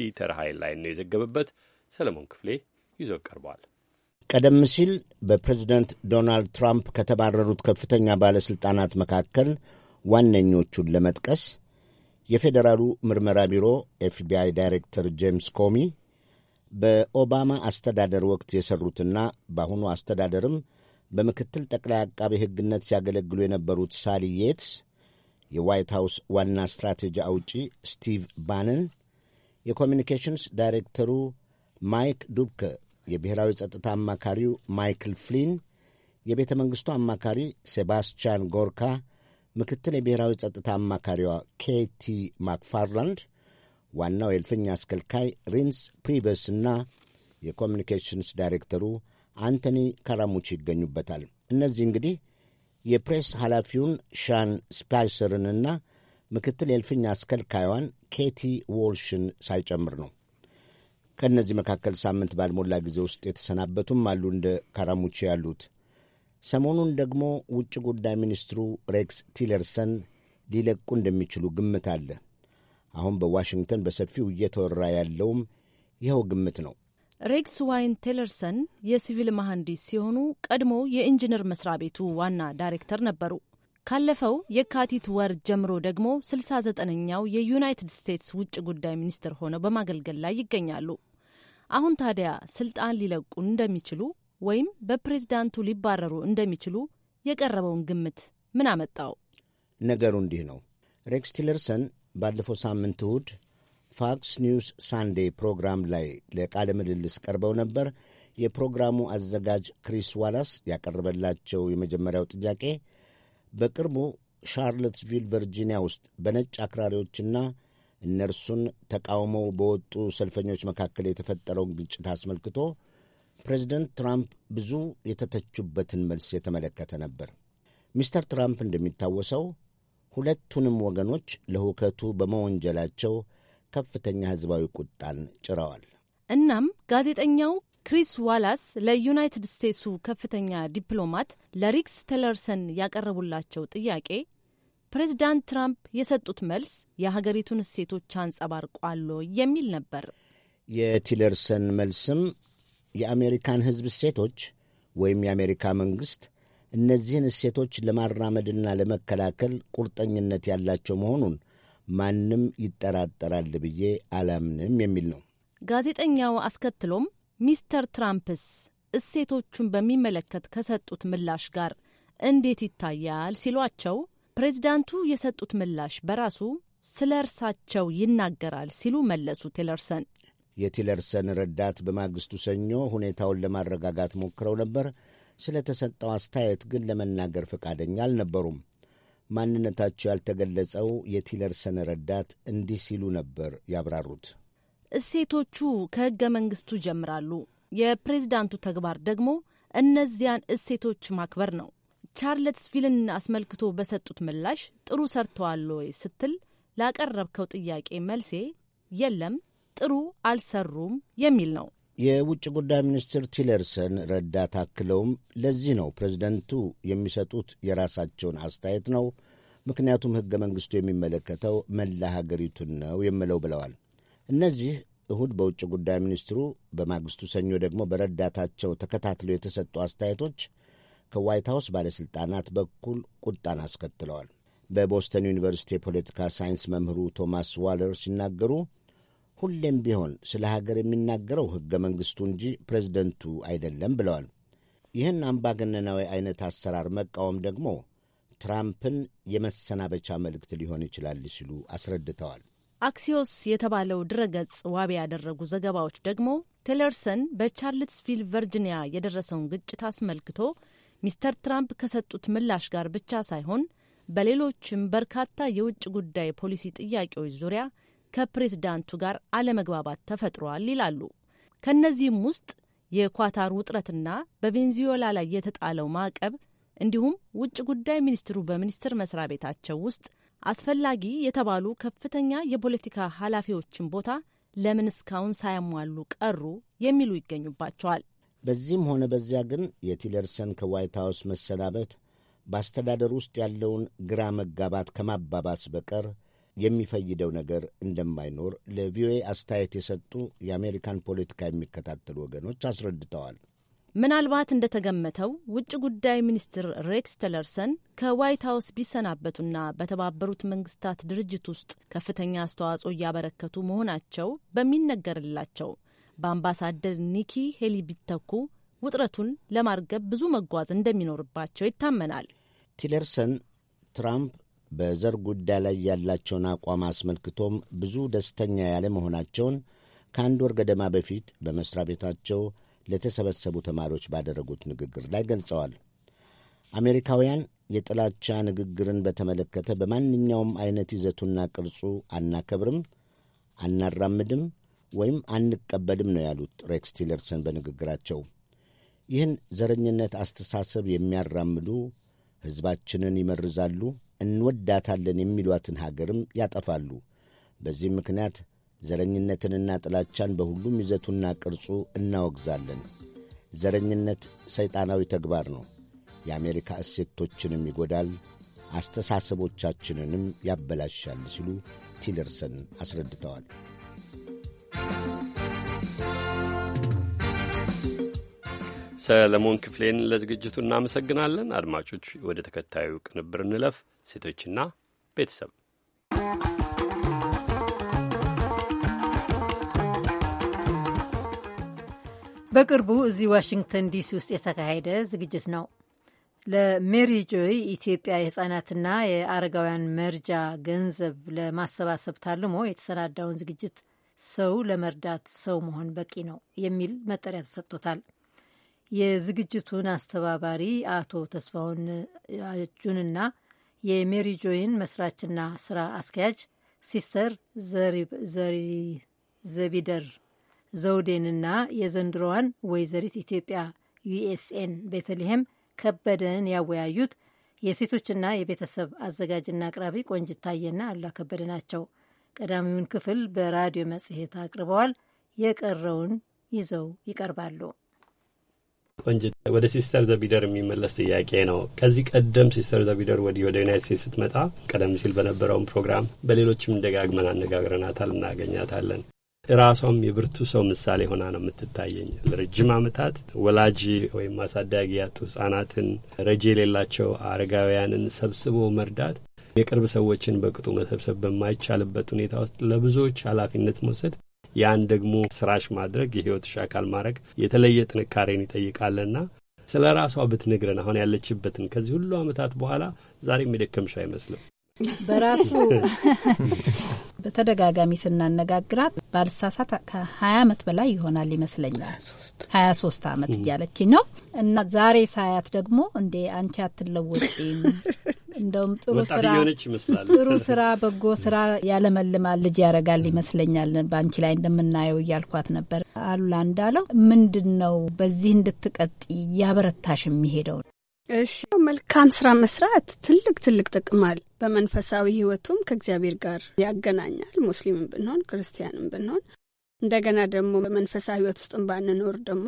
ፒተር ሃይል ላይ ነው የዘገበበት። ሰለሞን ክፍሌ ይዞ ቀርቧል። ቀደም ሲል በፕሬዝደንት ዶናልድ ትራምፕ ከተባረሩት ከፍተኛ ባለሥልጣናት መካከል ዋነኞቹን ለመጥቀስ የፌዴራሉ ምርመራ ቢሮ ኤፍቢአይ ዳይሬክተር ጄምስ ኮሚ በኦባማ አስተዳደር ወቅት የሠሩትና በአሁኑ አስተዳደርም በምክትል ጠቅላይ አቃቤ ሕግነት ሲያገለግሉ የነበሩት ሳሊ የትስ፣ የዋይት ሃውስ ዋና ስትራቴጂ አውጪ ስቲቭ ባነን የኮሚኒኬሽንስ ዳይሬክተሩ ማይክ ዱብከ፣ የብሔራዊ ጸጥታ አማካሪው ማይክል ፍሊን፣ የቤተ መንግሥቱ አማካሪ ሴባስቲያን ጎርካ፣ ምክትል የብሔራዊ ጸጥታ አማካሪዋ ኬቲ ማክፋርላንድ፣ ዋናው የእልፍኝ አስከልካይ ሪንስ ፕሪበስ እና የኮሚኒኬሽንስ ዳይሬክተሩ አንቶኒ ካራሙች ይገኙበታል። እነዚህ እንግዲህ የፕሬስ ኃላፊውን ሻን ስፓይሰርንና ምክትል የእልፍኝ አስከልካዩዋን ኬቲ ዎልሽን ሳይጨምር ነው። ከእነዚህ መካከል ሳምንት ባልሞላ ጊዜ ውስጥ የተሰናበቱም አሉ እንደ ካራሙቺ ያሉት። ሰሞኑን ደግሞ ውጭ ጉዳይ ሚኒስትሩ ሬክስ ቲለርሰን ሊለቁ እንደሚችሉ ግምት አለ። አሁን በዋሽንግተን በሰፊው እየተወራ ያለውም ይኸው ግምት ነው። ሬክስ ዋይን ቲለርሰን የሲቪል መሐንዲስ ሲሆኑ ቀድሞ የኢንጂነር መስሪያ ቤቱ ዋና ዳይሬክተር ነበሩ። ካለፈው የካቲት ወር ጀምሮ ደግሞ 69ኛው የዩናይትድ ስቴትስ ውጭ ጉዳይ ሚኒስትር ሆነው በማገልገል ላይ ይገኛሉ። አሁን ታዲያ ስልጣን ሊለቁ እንደሚችሉ ወይም በፕሬዝዳንቱ ሊባረሩ እንደሚችሉ የቀረበውን ግምት ምን አመጣው? ነገሩ እንዲህ ነው። ሬክስ ቲለርሰን ባለፈው ሳምንት እሁድ ፋክስ ኒውስ ሳንዴ ፕሮግራም ላይ ለቃለ ምልልስ ቀርበው ነበር። የፕሮግራሙ አዘጋጅ ክሪስ ዋላስ ያቀረበላቸው የመጀመሪያው ጥያቄ በቅርቡ ሻርለትስቪል ቨርጂኒያ ውስጥ በነጭ አክራሪዎችና እነርሱን ተቃውመው በወጡ ሰልፈኞች መካከል የተፈጠረውን ግጭት አስመልክቶ ፕሬዚደንት ትራምፕ ብዙ የተተቹበትን መልስ የተመለከተ ነበር። ሚስተር ትራምፕ እንደሚታወሰው ሁለቱንም ወገኖች ለሁከቱ በመወንጀላቸው ከፍተኛ ሕዝባዊ ቁጣን ጭረዋል። እናም ጋዜጠኛው ክሪስ ዋላስ ለዩናይትድ ስቴትሱ ከፍተኛ ዲፕሎማት ለሪክስ ቲለርሰን ያቀረቡላቸው ጥያቄ ፕሬዚዳንት ትራምፕ የሰጡት መልስ የሀገሪቱን እሴቶች አንጸባርቋል የሚል ነበር። የቲለርሰን መልስም የአሜሪካን ሕዝብ እሴቶች ወይም የአሜሪካ መንግሥት እነዚህን እሴቶች ለማራመድና ለመከላከል ቁርጠኝነት ያላቸው መሆኑን ማንም ይጠራጠራል ብዬ አላምንም የሚል ነው። ጋዜጠኛው አስከትሎም ሚስተር ትራምፕስ እሴቶቹን በሚመለከት ከሰጡት ምላሽ ጋር እንዴት ይታያል ሲሏቸው ፕሬዚዳንቱ የሰጡት ምላሽ በራሱ ስለ እርሳቸው ይናገራል ሲሉ መለሱ። ቲለርሰን የቲለርሰን ረዳት በማግስቱ ሰኞ ሁኔታውን ለማረጋጋት ሞክረው ነበር። ስለ ተሰጠው አስተያየት ግን ለመናገር ፈቃደኛ አልነበሩም። ማንነታቸው ያልተገለጸው የቲለርሰን ረዳት እንዲህ ሲሉ ነበር ያብራሩት። እሴቶቹ ከህገ መንግስቱ ይጀምራሉ። የፕሬዝዳንቱ ተግባር ደግሞ እነዚያን እሴቶች ማክበር ነው። ቻርለትስቪልን አስመልክቶ በሰጡት ምላሽ ጥሩ ሰርተዋል ወይ ስትል ላቀረብከው ጥያቄ መልሴ የለም፣ ጥሩ አልሰሩም የሚል ነው። የውጭ ጉዳይ ሚኒስትር ቲለርሰን ረዳት አክለውም ለዚህ ነው ፕሬዝደንቱ የሚሰጡት የራሳቸውን አስተያየት ነው፣ ምክንያቱም ህገ መንግስቱ የሚመለከተው መላ ሀገሪቱን ነው የምለው ብለዋል። እነዚህ እሁድ በውጭ ጉዳይ ሚኒስትሩ በማግስቱ ሰኞ ደግሞ በረዳታቸው ተከታትለው የተሰጡ አስተያየቶች ከዋይት ሀውስ ባለሥልጣናት በኩል ቁጣን አስከትለዋል። በቦስተን ዩኒቨርሲቲ የፖለቲካ ሳይንስ መምህሩ ቶማስ ዋለር ሲናገሩ ሁሌም ቢሆን ስለ ሀገር የሚናገረው ሕገ መንግሥቱ እንጂ ፕሬዚደንቱ አይደለም ብለዋል። ይህን አምባገነናዊ አይነት አሰራር መቃወም ደግሞ ትራምፕን የመሰናበቻ መልእክት ሊሆን ይችላል ሲሉ አስረድተዋል። አክሲዮስ የተባለው ድረገጽ ዋቢ ያደረጉ ዘገባዎች ደግሞ ቴለርሰን በቻርልስቪል ቨርጂኒያ የደረሰውን ግጭት አስመልክቶ ሚስተር ትራምፕ ከሰጡት ምላሽ ጋር ብቻ ሳይሆን በሌሎችም በርካታ የውጭ ጉዳይ ፖሊሲ ጥያቄዎች ዙሪያ ከፕሬዝዳንቱ ጋር አለመግባባት ተፈጥሯል ይላሉ። ከእነዚህም ውስጥ የኳታር ውጥረትና በቬንዙዌላ ላይ የተጣለው ማዕቀብ እንዲሁም ውጭ ጉዳይ ሚኒስትሩ በሚኒስትር መስሪያ ቤታቸው ውስጥ አስፈላጊ የተባሉ ከፍተኛ የፖለቲካ ኃላፊዎችን ቦታ ለምን እስካሁን ሳያሟሉ ቀሩ የሚሉ ይገኙባቸዋል። በዚህም ሆነ በዚያ ግን የቲለርሰን ከዋይት ሀውስ መሰናበት በአስተዳደር ውስጥ ያለውን ግራ መጋባት ከማባባስ በቀር የሚፈይደው ነገር እንደማይኖር ለቪኦኤ አስተያየት የሰጡ የአሜሪካን ፖለቲካ የሚከታተሉ ወገኖች አስረድተዋል። ምናልባት እንደተገመተው ውጭ ጉዳይ ሚኒስትር ሬክስ ቲለርሰን ከዋይት ሀውስ ቢሰናበቱና በተባበሩት መንግስታት ድርጅት ውስጥ ከፍተኛ አስተዋጽኦ እያበረከቱ መሆናቸው በሚነገርላቸው በአምባሳደር ኒኪ ሄሊ ቢተኩ ውጥረቱን ለማርገብ ብዙ መጓዝ እንደሚኖርባቸው ይታመናል። ቲለርሰን ትራምፕ በዘር ጉዳይ ላይ ያላቸውን አቋም አስመልክቶም ብዙ ደስተኛ ያለ መሆናቸውን ከአንድ ወር ገደማ በፊት በመስሪያ ቤታቸው ለተሰበሰቡ ተማሪዎች ባደረጉት ንግግር ላይ ገልጸዋል። አሜሪካውያን የጥላቻ ንግግርን በተመለከተ በማንኛውም አይነት ይዘቱና ቅርጹ አናከብርም፣ አናራምድም ወይም አንቀበልም ነው ያሉት ሬክስ ቲለርሰን በንግግራቸው። ይህን ዘረኝነት አስተሳሰብ የሚያራምዱ ሕዝባችንን ይመርዛሉ፣ እንወዳታለን የሚሏትን ሀገርም ያጠፋሉ። በዚህም ምክንያት ዘረኝነትንና ጥላቻን በሁሉም ይዘቱና ቅርጹ እናወግዛለን። ዘረኝነት ሰይጣናዊ ተግባር ነው። የአሜሪካ እሴቶችንም ይጎዳል፣ አስተሳሰቦቻችንንም ያበላሻል ሲሉ ቲለርሰን አስረድተዋል። ሰለሞን ክፍሌን ለዝግጅቱ እናመሰግናለን። አድማጮች፣ ወደ ተከታዩ ቅንብር እንለፍ። ሴቶችና ቤተሰብ በቅርቡ እዚህ ዋሽንግተን ዲሲ ውስጥ የተካሄደ ዝግጅት ነው። ለሜሪ ጆይ ኢትዮጵያ የህፃናትና የአረጋውያን መርጃ ገንዘብ ለማሰባሰብ ታልሞ የተሰናዳውን ዝግጅት ሰው ለመርዳት ሰው መሆን በቂ ነው የሚል መጠሪያ ተሰጥቶታል። የዝግጅቱን አስተባባሪ አቶ ተስፋሁን አጁንና የሜሪ ጆይን መስራችና ስራ አስኪያጅ ሲስተር ዘቢደር ዘውዴንና የዘንድሮዋን ወይዘሪት ኢትዮጵያ ዩኤስኤን ቤተልሔም ከበደን ያወያዩት የሴቶችና የቤተሰብ አዘጋጅና አቅራቢ ቆንጅታየና አሉላ ከበደ ናቸው። ቀዳሚውን ክፍል በራዲዮ መጽሔት አቅርበዋል። የቀረውን ይዘው ይቀርባሉ። ቆንጅት፣ ወደ ሲስተር ዘቢደር የሚመለስ ጥያቄ ነው። ከዚህ ቀደም ሲስተር ዘቢደር ወዲህ ወደ ዩናይት ስቴትስ ስትመጣ ቀደም ሲል በነበረውን ፕሮግራም በሌሎችም ደጋግመን አነጋግረናታል፣ እናገኛታለን። ራሷም የብርቱ ሰው ምሳሌ ሆና ነው የምትታየኝ። ለረጅም ዓመታት ወላጅ ወይም አሳዳጊ ያጡ ህጻናትን፣ ረጅ የሌላቸው አረጋውያንን ሰብስቦ መርዳት የቅርብ ሰዎችን በቅጡ መሰብሰብ በማይቻልበት ሁኔታ ውስጥ ለብዙዎች ኃላፊነት መውሰድ ያን ደግሞ ስራሽ ማድረግ የህይወትሽ አካል ማድረግ የተለየ ጥንካሬን ይጠይቃልና ስለ ራሷ ብትነግረን አሁን ያለችበትን ከዚህ ሁሉ ዓመታት በኋላ ዛሬም የደከምሽ አይመስልም። በራሱ በተደጋጋሚ ስናነጋግራት ባልሳሳት ከሀያ አመት በላይ ይሆናል ይመስለኛል ሀያ ሶስት አመት እያለች ነው እና ዛሬ ሳያት ደግሞ እንዴ አንቺ አትለወጪም እንደውም ጥሩ ስራ ጥሩ ስራ በጎ ስራ ያለመልማል ልጅ ያረጋል ይመስለኛል በአንቺ ላይ እንደምናየው እያልኳት ነበር። አሉላ እንዳለው ምንድን ነው በዚህ እንድትቀጥ እያበረታሽ የሚሄደው? እሺ መልካም ስራ መስራት ትልቅ ትልቅ ጥቅም አለ። በመንፈሳዊ ህይወቱም ከእግዚአብሔር ጋር ያገናኛል። ሙስሊምም ብንሆን ክርስቲያንም ብንሆን እንደገና ደግሞ በመንፈሳዊ ህይወት ውስጥም ባንኖር ደግሞ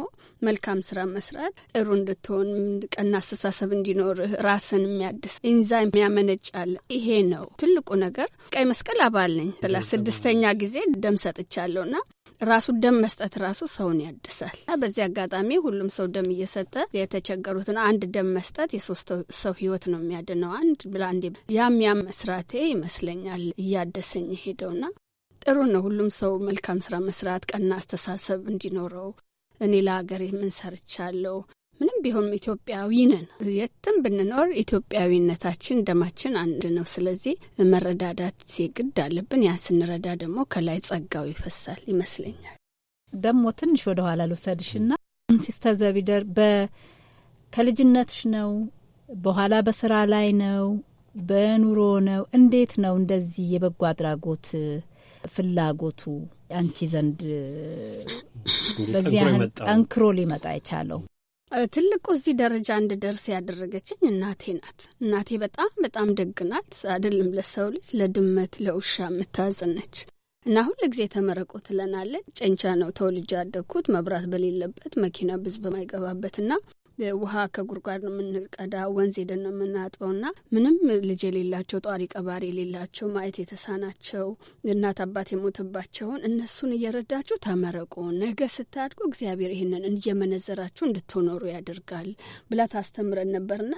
መልካም ስራ መስራት ጥሩ እንድትሆን ቀና አስተሳሰብ እንዲኖር ራስን የሚያድስ ኢንዛ የሚያመነጫል። ይሄ ነው ትልቁ ነገር። ቀይ መስቀል አባል ነኝ ስድስተኛ ጊዜ ደም ሰጥቻለሁ ና ራሱ ደም መስጠት ራሱ ሰውን ያድሳል። በዚህ አጋጣሚ ሁሉም ሰው ደም እየሰጠ የተቸገሩትን አንድ ደም መስጠት የሶስት ሰው ህይወት ነው የሚያድነው። አንድ ብላንዴ ያም ያም መስራቴ ይመስለኛል እያደሰኝ ሄደውና ጥሩ ነው። ሁሉም ሰው መልካም ስራ መስራት፣ ቀና አስተሳሰብ እንዲኖረው እኔ ለሀገር ምን ሰርቻለሁ፣ ቢሆን ኢትዮጵያዊ ነን። የትም ብንኖር ኢትዮጵያዊነታችን ደማችን አንድ ነው። ስለዚህ መረዳዳት የግድ አለብን። ያን ስንረዳ ደግሞ ከላይ ጸጋው ይፈሳል ይመስለኛል። ደግሞ ትንሽ ወደ ኋላ ልውሰድሽና ሲስተር ዘቢደር ከልጅነትሽ ነው በኋላ በስራ ላይ ነው በኑሮ ነው እንዴት ነው እንደዚህ የበጎ አድራጎት ፍላጎቱ አንቺ ዘንድ በዚህ ያህል ጠንክሮ ሊመጣ የቻለው? ትልቁ እዚህ ደረጃ እንድደርስ ያደረገችኝ እናቴ ናት። እናቴ በጣም በጣም ደግ ናት። አይደለም ለሰው ልጅ፣ ለድመት፣ ለውሻ የምታዝን ነች እና ሁል ጊዜ ተመረቆ ትለናለች። ጨንቻ ነው ተወልጄ ያደግኩት መብራት በሌለበት መኪና ብዙ ና ውሃ ከጉድጓድ ነው የምንቀዳ፣ ወንዝ ሄደን ነው የምናጥበው እና ምንም ልጅ የሌላቸው ጧሪ ቀባሪ የሌላቸው ማየት የተሳናቸው እናት አባት የሞተባቸውን እነሱን እየረዳችሁ ተመረቁ፣ ነገ ስታድጉ እግዚአብሔር ይህንን እየመነዘራችሁ እንድትኖሩ ያደርጋል ብላ ታስተምረን ነበርና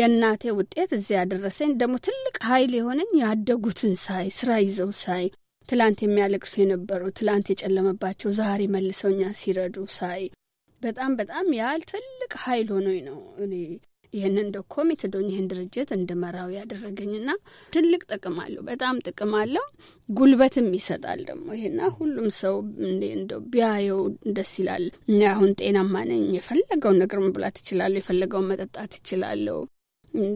የእናቴ ውጤት እዚያ ያደረሰኝ ደግሞ ትልቅ ኃይል የሆነኝ ያደጉትን ሳይ ስራ ይዘው ሳይ ትላንት የሚያለቅሱ የነበሩ ትላንት የጨለመባቸው ዛሬ መልሰውኛ ሲረዱ ሳይ በጣም በጣም ያህል ትልቅ ኃይል ሆኖኝ ነው እኔ ይህንን እንደ ኮሚትዶኝ ይህን ድርጅት እንድመራው ያደረገኝና ትልቅ ጥቅም አለው። በጣም ጥቅም አለው። ጉልበትም ይሰጣል ደግሞ ይሄና ሁሉም ሰው እንደ ቢያየው ደስ ይላል። አሁን ጤናማ ነኝ። የፈለገውን ነገር መብላት ይችላለሁ፣ የፈለገውን መጠጣት ይችላለሁ።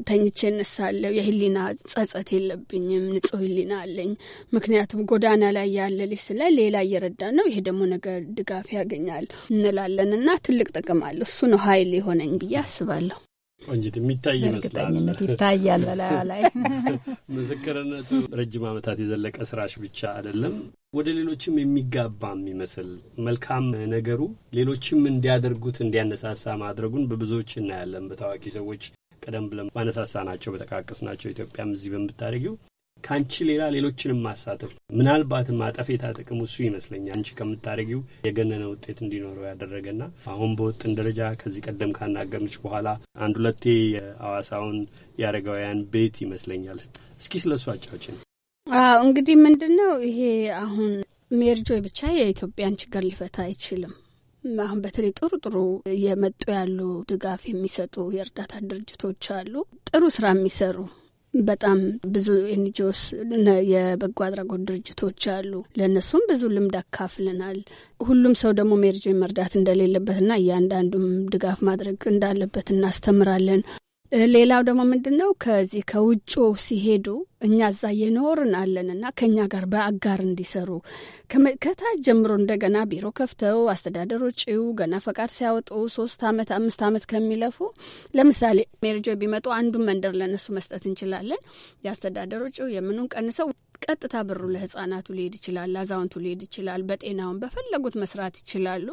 ተኝቼ እነሳለሁ። የህሊና ጸጸት የለብኝም። ንጹህ ህሊና አለኝ። ምክንያቱም ጎዳና ላይ ያለ ልጅ ስለ ሌላ እየረዳ ነው። ይሄ ደግሞ ነገር ድጋፍ ያገኛል እንላለን እና ትልቅ ጥቅም አለው። እሱ ነው ኃይል የሆነኝ ብዬ አስባለሁ። ቆንጂት የሚታይ ይመስላል፣ ይታያል። በላዩ ላይ ምስክርነቱ ረጅም ዓመታት የዘለቀ ስራሽ ብቻ አይደለም፣ ወደ ሌሎችም የሚጋባ የሚመስል መልካም ነገሩ ሌሎችም እንዲያደርጉት እንዲያነሳሳ ማድረጉን በብዙዎች እናያለን፣ በታዋቂ ሰዎች ቀደም ብለን ማነሳሳ ናቸው በጠቃቀስ ናቸው ኢትዮጵያም እዚህ በምታደርጊው ከአንቺ ሌላ ሌሎችንም ማሳተፍ ምናልባትም አጠፌታ ጥቅሙ እሱ ይመስለኛል። አንቺ ከምታደርጊው የገነነ ውጤት እንዲኖረው ያደረገና አሁን በወጥን ደረጃ ከዚህ ቀደም ካናገርንች በኋላ አንድ ሁለቴ የአዋሳውን የአረጋውያን ቤት ይመስለኛል። እስኪ ስለ እሱ አጫዎችን። አዎ እንግዲህ ምንድን ነው ይሄ አሁን ሜርጆይ ብቻ የኢትዮጵያን ችግር ሊፈታ አይችልም። አሁን በተለይ ጥሩ ጥሩ የመጡ ያሉ ድጋፍ የሚሰጡ የእርዳታ ድርጅቶች አሉ። ጥሩ ስራ የሚሰሩ በጣም ብዙ ኤንጂኦስ የበጎ አድራጎት ድርጅቶች አሉ። ለእነሱም ብዙ ልምድ አካፍለናል። ሁሉም ሰው ደግሞ ሜርጅ መርዳት እንደሌለበትና እያንዳንዱም ድጋፍ ማድረግ እንዳለበት እናስተምራለን። ሌላው ደግሞ ምንድን ነው ከዚህ ከውጭ ሲሄዱ እኛ እዛ እየኖርን አለን ከእኛ ጋር በአጋር እንዲሰሩ ከታች ጀምሮ እንደገና ቢሮ ከፍተው አስተዳደሮች ጭው ገና ፈቃድ ሲያወጡ ሶስት አመት አምስት አመት ከሚለፉ ለምሳሌ ሜርጆ ቢመጡ አንዱን መንደር ለነሱ መስጠት እንችላለን። የአስተዳደሮች ጭው የምኑን ቀንሰው ቀጥታ ብሩ ለህጻናቱ ሊሄድ ይችላል፣ ለአዛውንቱ ሊሄድ ይችላል። በጤናውን በፈለጉት መስራት ይችላሉ።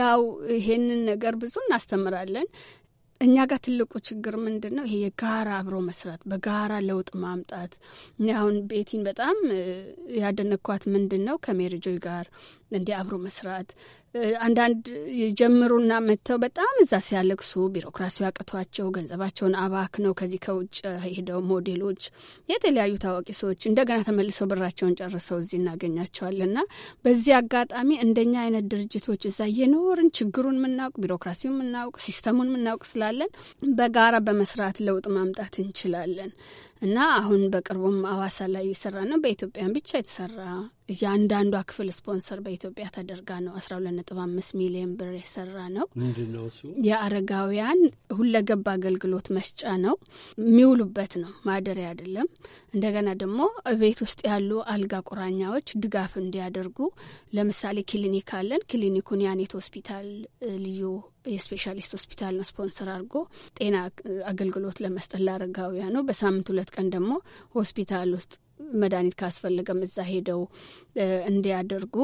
ያው ይሄንን ነገር ብዙ እናስተምራለን። እኛ ጋር ትልቁ ችግር ምንድን ነው? ይሄ የጋራ አብሮ መስራት፣ በጋራ ለውጥ ማምጣት። አሁን ቤቲን በጣም ያደነኳት ምንድን ነው ከሜሪጆይ ጋር እንዲህ አብሮ መስራት አንዳንድ ጀምሩና መጥተው በጣም እዛ ሲያለቅሱ ቢሮክራሲው አቅቷቸው ገንዘባቸውን አባክ ነው ከዚህ ከውጭ ሄደው ሞዴሎች፣ የተለያዩ ታዋቂ ሰዎች እንደገና ተመልሰው ብራቸውን ጨርሰው እዚህ እናገኛቸዋለንና በዚህ አጋጣሚ እንደኛ አይነት ድርጅቶች እዛ የኖርን ችግሩን የምናውቅ ቢሮክራሲውን የምናውቅ ሲስተሙን የምናውቅ ስላለን በጋራ በመስራት ለውጥ ማምጣት እንችላለን እና አሁን በቅርቡም አዋሳ ላይ የሰራ ነው በኢትዮጵያን ብቻ የተሰራ እያንዳንዷ ክፍል ስፖንሰር በኢትዮጵያ ተደርጋ ነው። አስራ ሁለት ነጥብ አምስት ሚሊዮን ብር የሰራ ነው። ምንድነው እሱ? የአረጋውያን ሁለገብ አገልግሎት መስጫ ነው። የሚውሉበት ነው፣ ማደሪያ አይደለም። እንደገና ደግሞ ቤት ውስጥ ያሉ አልጋ ቁራኛዎች ድጋፍ እንዲያደርጉ፣ ለምሳሌ ክሊኒክ አለን። ክሊኒኩን ያኔት ሆስፒታል ልዩ የስፔሻሊስት ሆስፒታል ነው ስፖንሰር አድርጎ ጤና አገልግሎት ለመስጠት ነው። በሳምንት ሁለት ቀን ደግሞ ሆስፒታል ውስጥ መድኃኒት ካስፈለገም እዛ ሄደው እንዲያደርጉ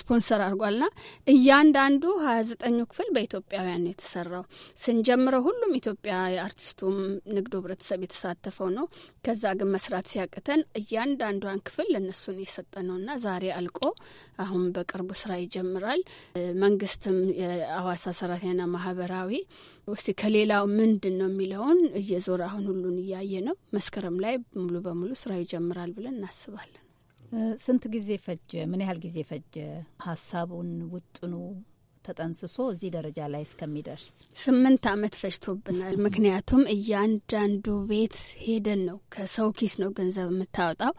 ስፖንሰር አድርጓልና እያንዳንዱ ሀያ ዘጠኙ ክፍል በኢትዮጵያውያን ነው የተሰራው። ስንጀምረው ሁሉም ኢትዮጵያ የአርቲስቱም ንግዱ ህብረተሰብ የተሳተፈው ነው። ከዛ ግን መስራት ሲያቅተን እያንዳንዷን ክፍል ለእነሱን የሰጠ ነውና ዛሬ አልቆ አሁን በቅርቡ ስራ ይጀምራል። መንግስትም የአዋሳ ሰራተኛና ማህበራዊ ውስጥ ከሌላው ምንድን ነው የሚለውን እየዞረ አሁን ሁሉን እያየ ነው። መስከረም ላይ ሙሉ በሙሉ ስራ ይጀምራል ብለን እናስባለን። ስንት ጊዜ ፈጀ? ምን ያህል ጊዜ ፈጀ? ሀሳቡን ውጥኑ ተጠንስሶ እዚህ ደረጃ ላይ እስከሚደርስ ስምንት አመት ፈጅቶብናል። ምክንያቱም እያንዳንዱ ቤት ሄደን ነው ከሰው ኪስ ነው ገንዘብ የምታወጣው።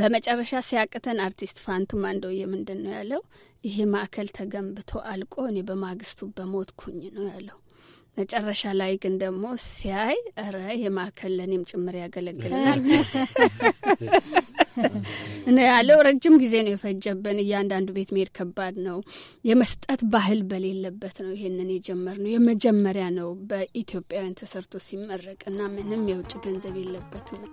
በመጨረሻ ሲያቅተን አርቲስት ፋንቱ ማንደውዬ ምንድን ነው ያለው? ይሄ ማዕከል ተገንብቶ አልቆ እኔ በማግስቱ በሞት ኩኝ ነው ያለው። መጨረሻ ላይ ግን ደግሞ ሲያይ እረ የማዕከል ለእኔም ጭምር ያገለግልናል ያለው ረጅም ጊዜ ነው የፈጀብን። እያንዳንዱ ቤት መሄድ ከባድ ነው። የመስጠት ባህል በሌለበት ነው ይሄንን የጀመርነው። የመጀመሪያ ነው በኢትዮጵያውያን ተሰርቶ ሲመረቅ እና ምንም የውጭ ገንዘብ የለበትም።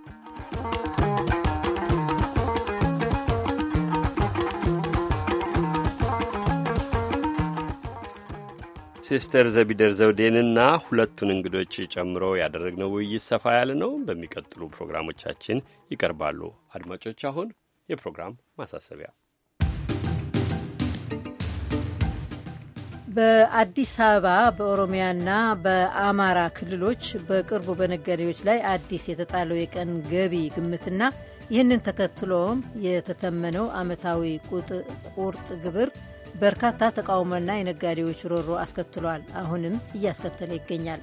ሲስተር ዘቢደር ዘውዴንና ሁለቱን እንግዶች ጨምሮ ያደረግነው ውይይት ሰፋ ያለ ነው። በሚቀጥሉ ፕሮግራሞቻችን ይቀርባሉ። አድማጮች፣ አሁን የፕሮግራም ማሳሰቢያ በአዲስ አበባ በኦሮሚያና በአማራ ክልሎች በቅርቡ በነጋዴዎች ላይ አዲስ የተጣለው የቀን ገቢ ግምትና ይህንን ተከትሎም የተተመነው ዓመታዊ ቁርጥ ግብር በርካታ ተቃውሞና የነጋዴዎች ሮሮ አስከትሏል። አሁንም እያስከተለ ይገኛል።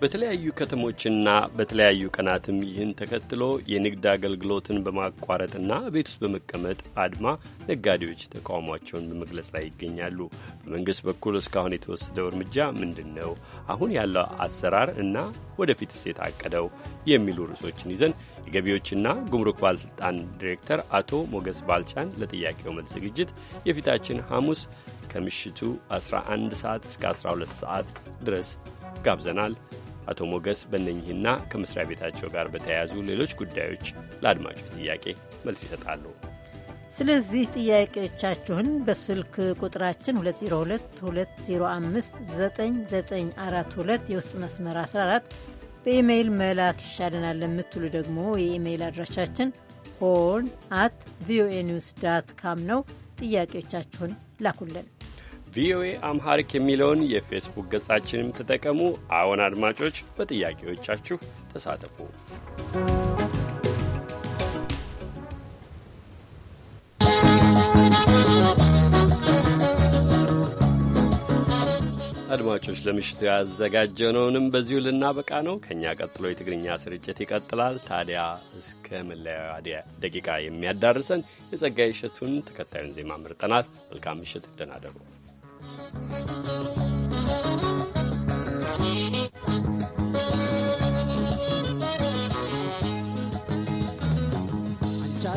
በተለያዩ ከተሞችና በተለያዩ ቀናትም ይህን ተከትሎ የንግድ አገልግሎትን በማቋረጥና ቤት ውስጥ በመቀመጥ አድማ ነጋዴዎች ተቃውሟቸውን በመግለጽ ላይ ይገኛሉ። በመንግሥት በኩል እስካሁን የተወሰደው እርምጃ ምንድን ነው? አሁን ያለው አሰራር እና ወደፊት እሴት አቀደው የሚሉ ርዕሶችን ይዘን የገቢዎችና ጉምሩክ ባለሥልጣን ዲሬክተር አቶ ሞገስ ባልቻን ለጥያቄው መልስ ዝግጅት የፊታችን ሐሙስ ከምሽቱ 11 ሰዓት እስከ 12 ሰዓት ድረስ ጋብዘናል። አቶ ሞገስ በእነኚህና ከመስሪያ ቤታቸው ጋር በተያያዙ ሌሎች ጉዳዮች ለአድማጮች ጥያቄ መልስ ይሰጣሉ። ስለዚህ ጥያቄዎቻችሁን በስልክ ቁጥራችን 2022059942 የውስጥ መስመር 14 በኢሜይል መላክ ይሻለናል ለምትሉ ደግሞ የኢሜይል አድራሻችን ሆርን አት ቪኦኤ ኒውስ ዳት ካም ነው። ጥያቄዎቻችሁን ላኩልን። ቪኦኤ አምሃሪክ የሚለውን የፌስቡክ ገጻችንም ተጠቀሙ። አዎን አድማጮች፣ በጥያቄዎቻችሁ ተሳተፉ። አድማጮች ለምሽቱ ያዘጋጀነውንም በዚሁ ልናበቃ ነው። ከእኛ ቀጥሎ የትግርኛ ስርጭት ይቀጥላል። ታዲያ እስከ መለያ ደቂቃ የሚያዳርሰን የጸጋይ እሸቱን ተከታዩን ዜማ ምርጠናል። መልካም ምሽት፣ ደህና እደሩ።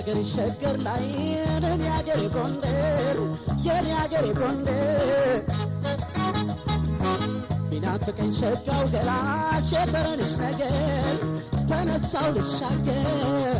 ሀገር ሸገር ላይ የኔ ሀገር ጎንደር የኔ ሀገር ጎንደር ቢናፍቀኝ ሸጋው ገላሽ የተረንሽ ነገር ተነሳው ልሻገር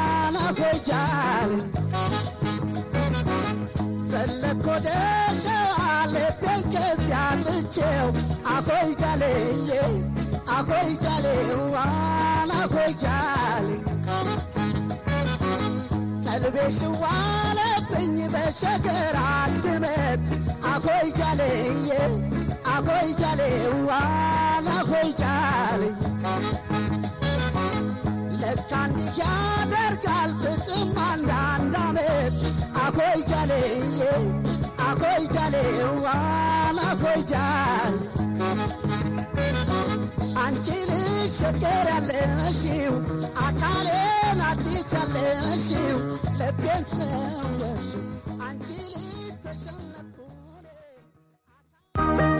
Akoy jale, wana akoy jale. ለካ እንዲህ ያደርጋል ጥቅም አንድ አመት አኮይጃሌ ጃሌ አኮይ ጃሌ አንቺ ልጅ ፍቅር ያለሽው አካሌን አዲስ ያለሽው ልቤን ሰወሱ አንቺ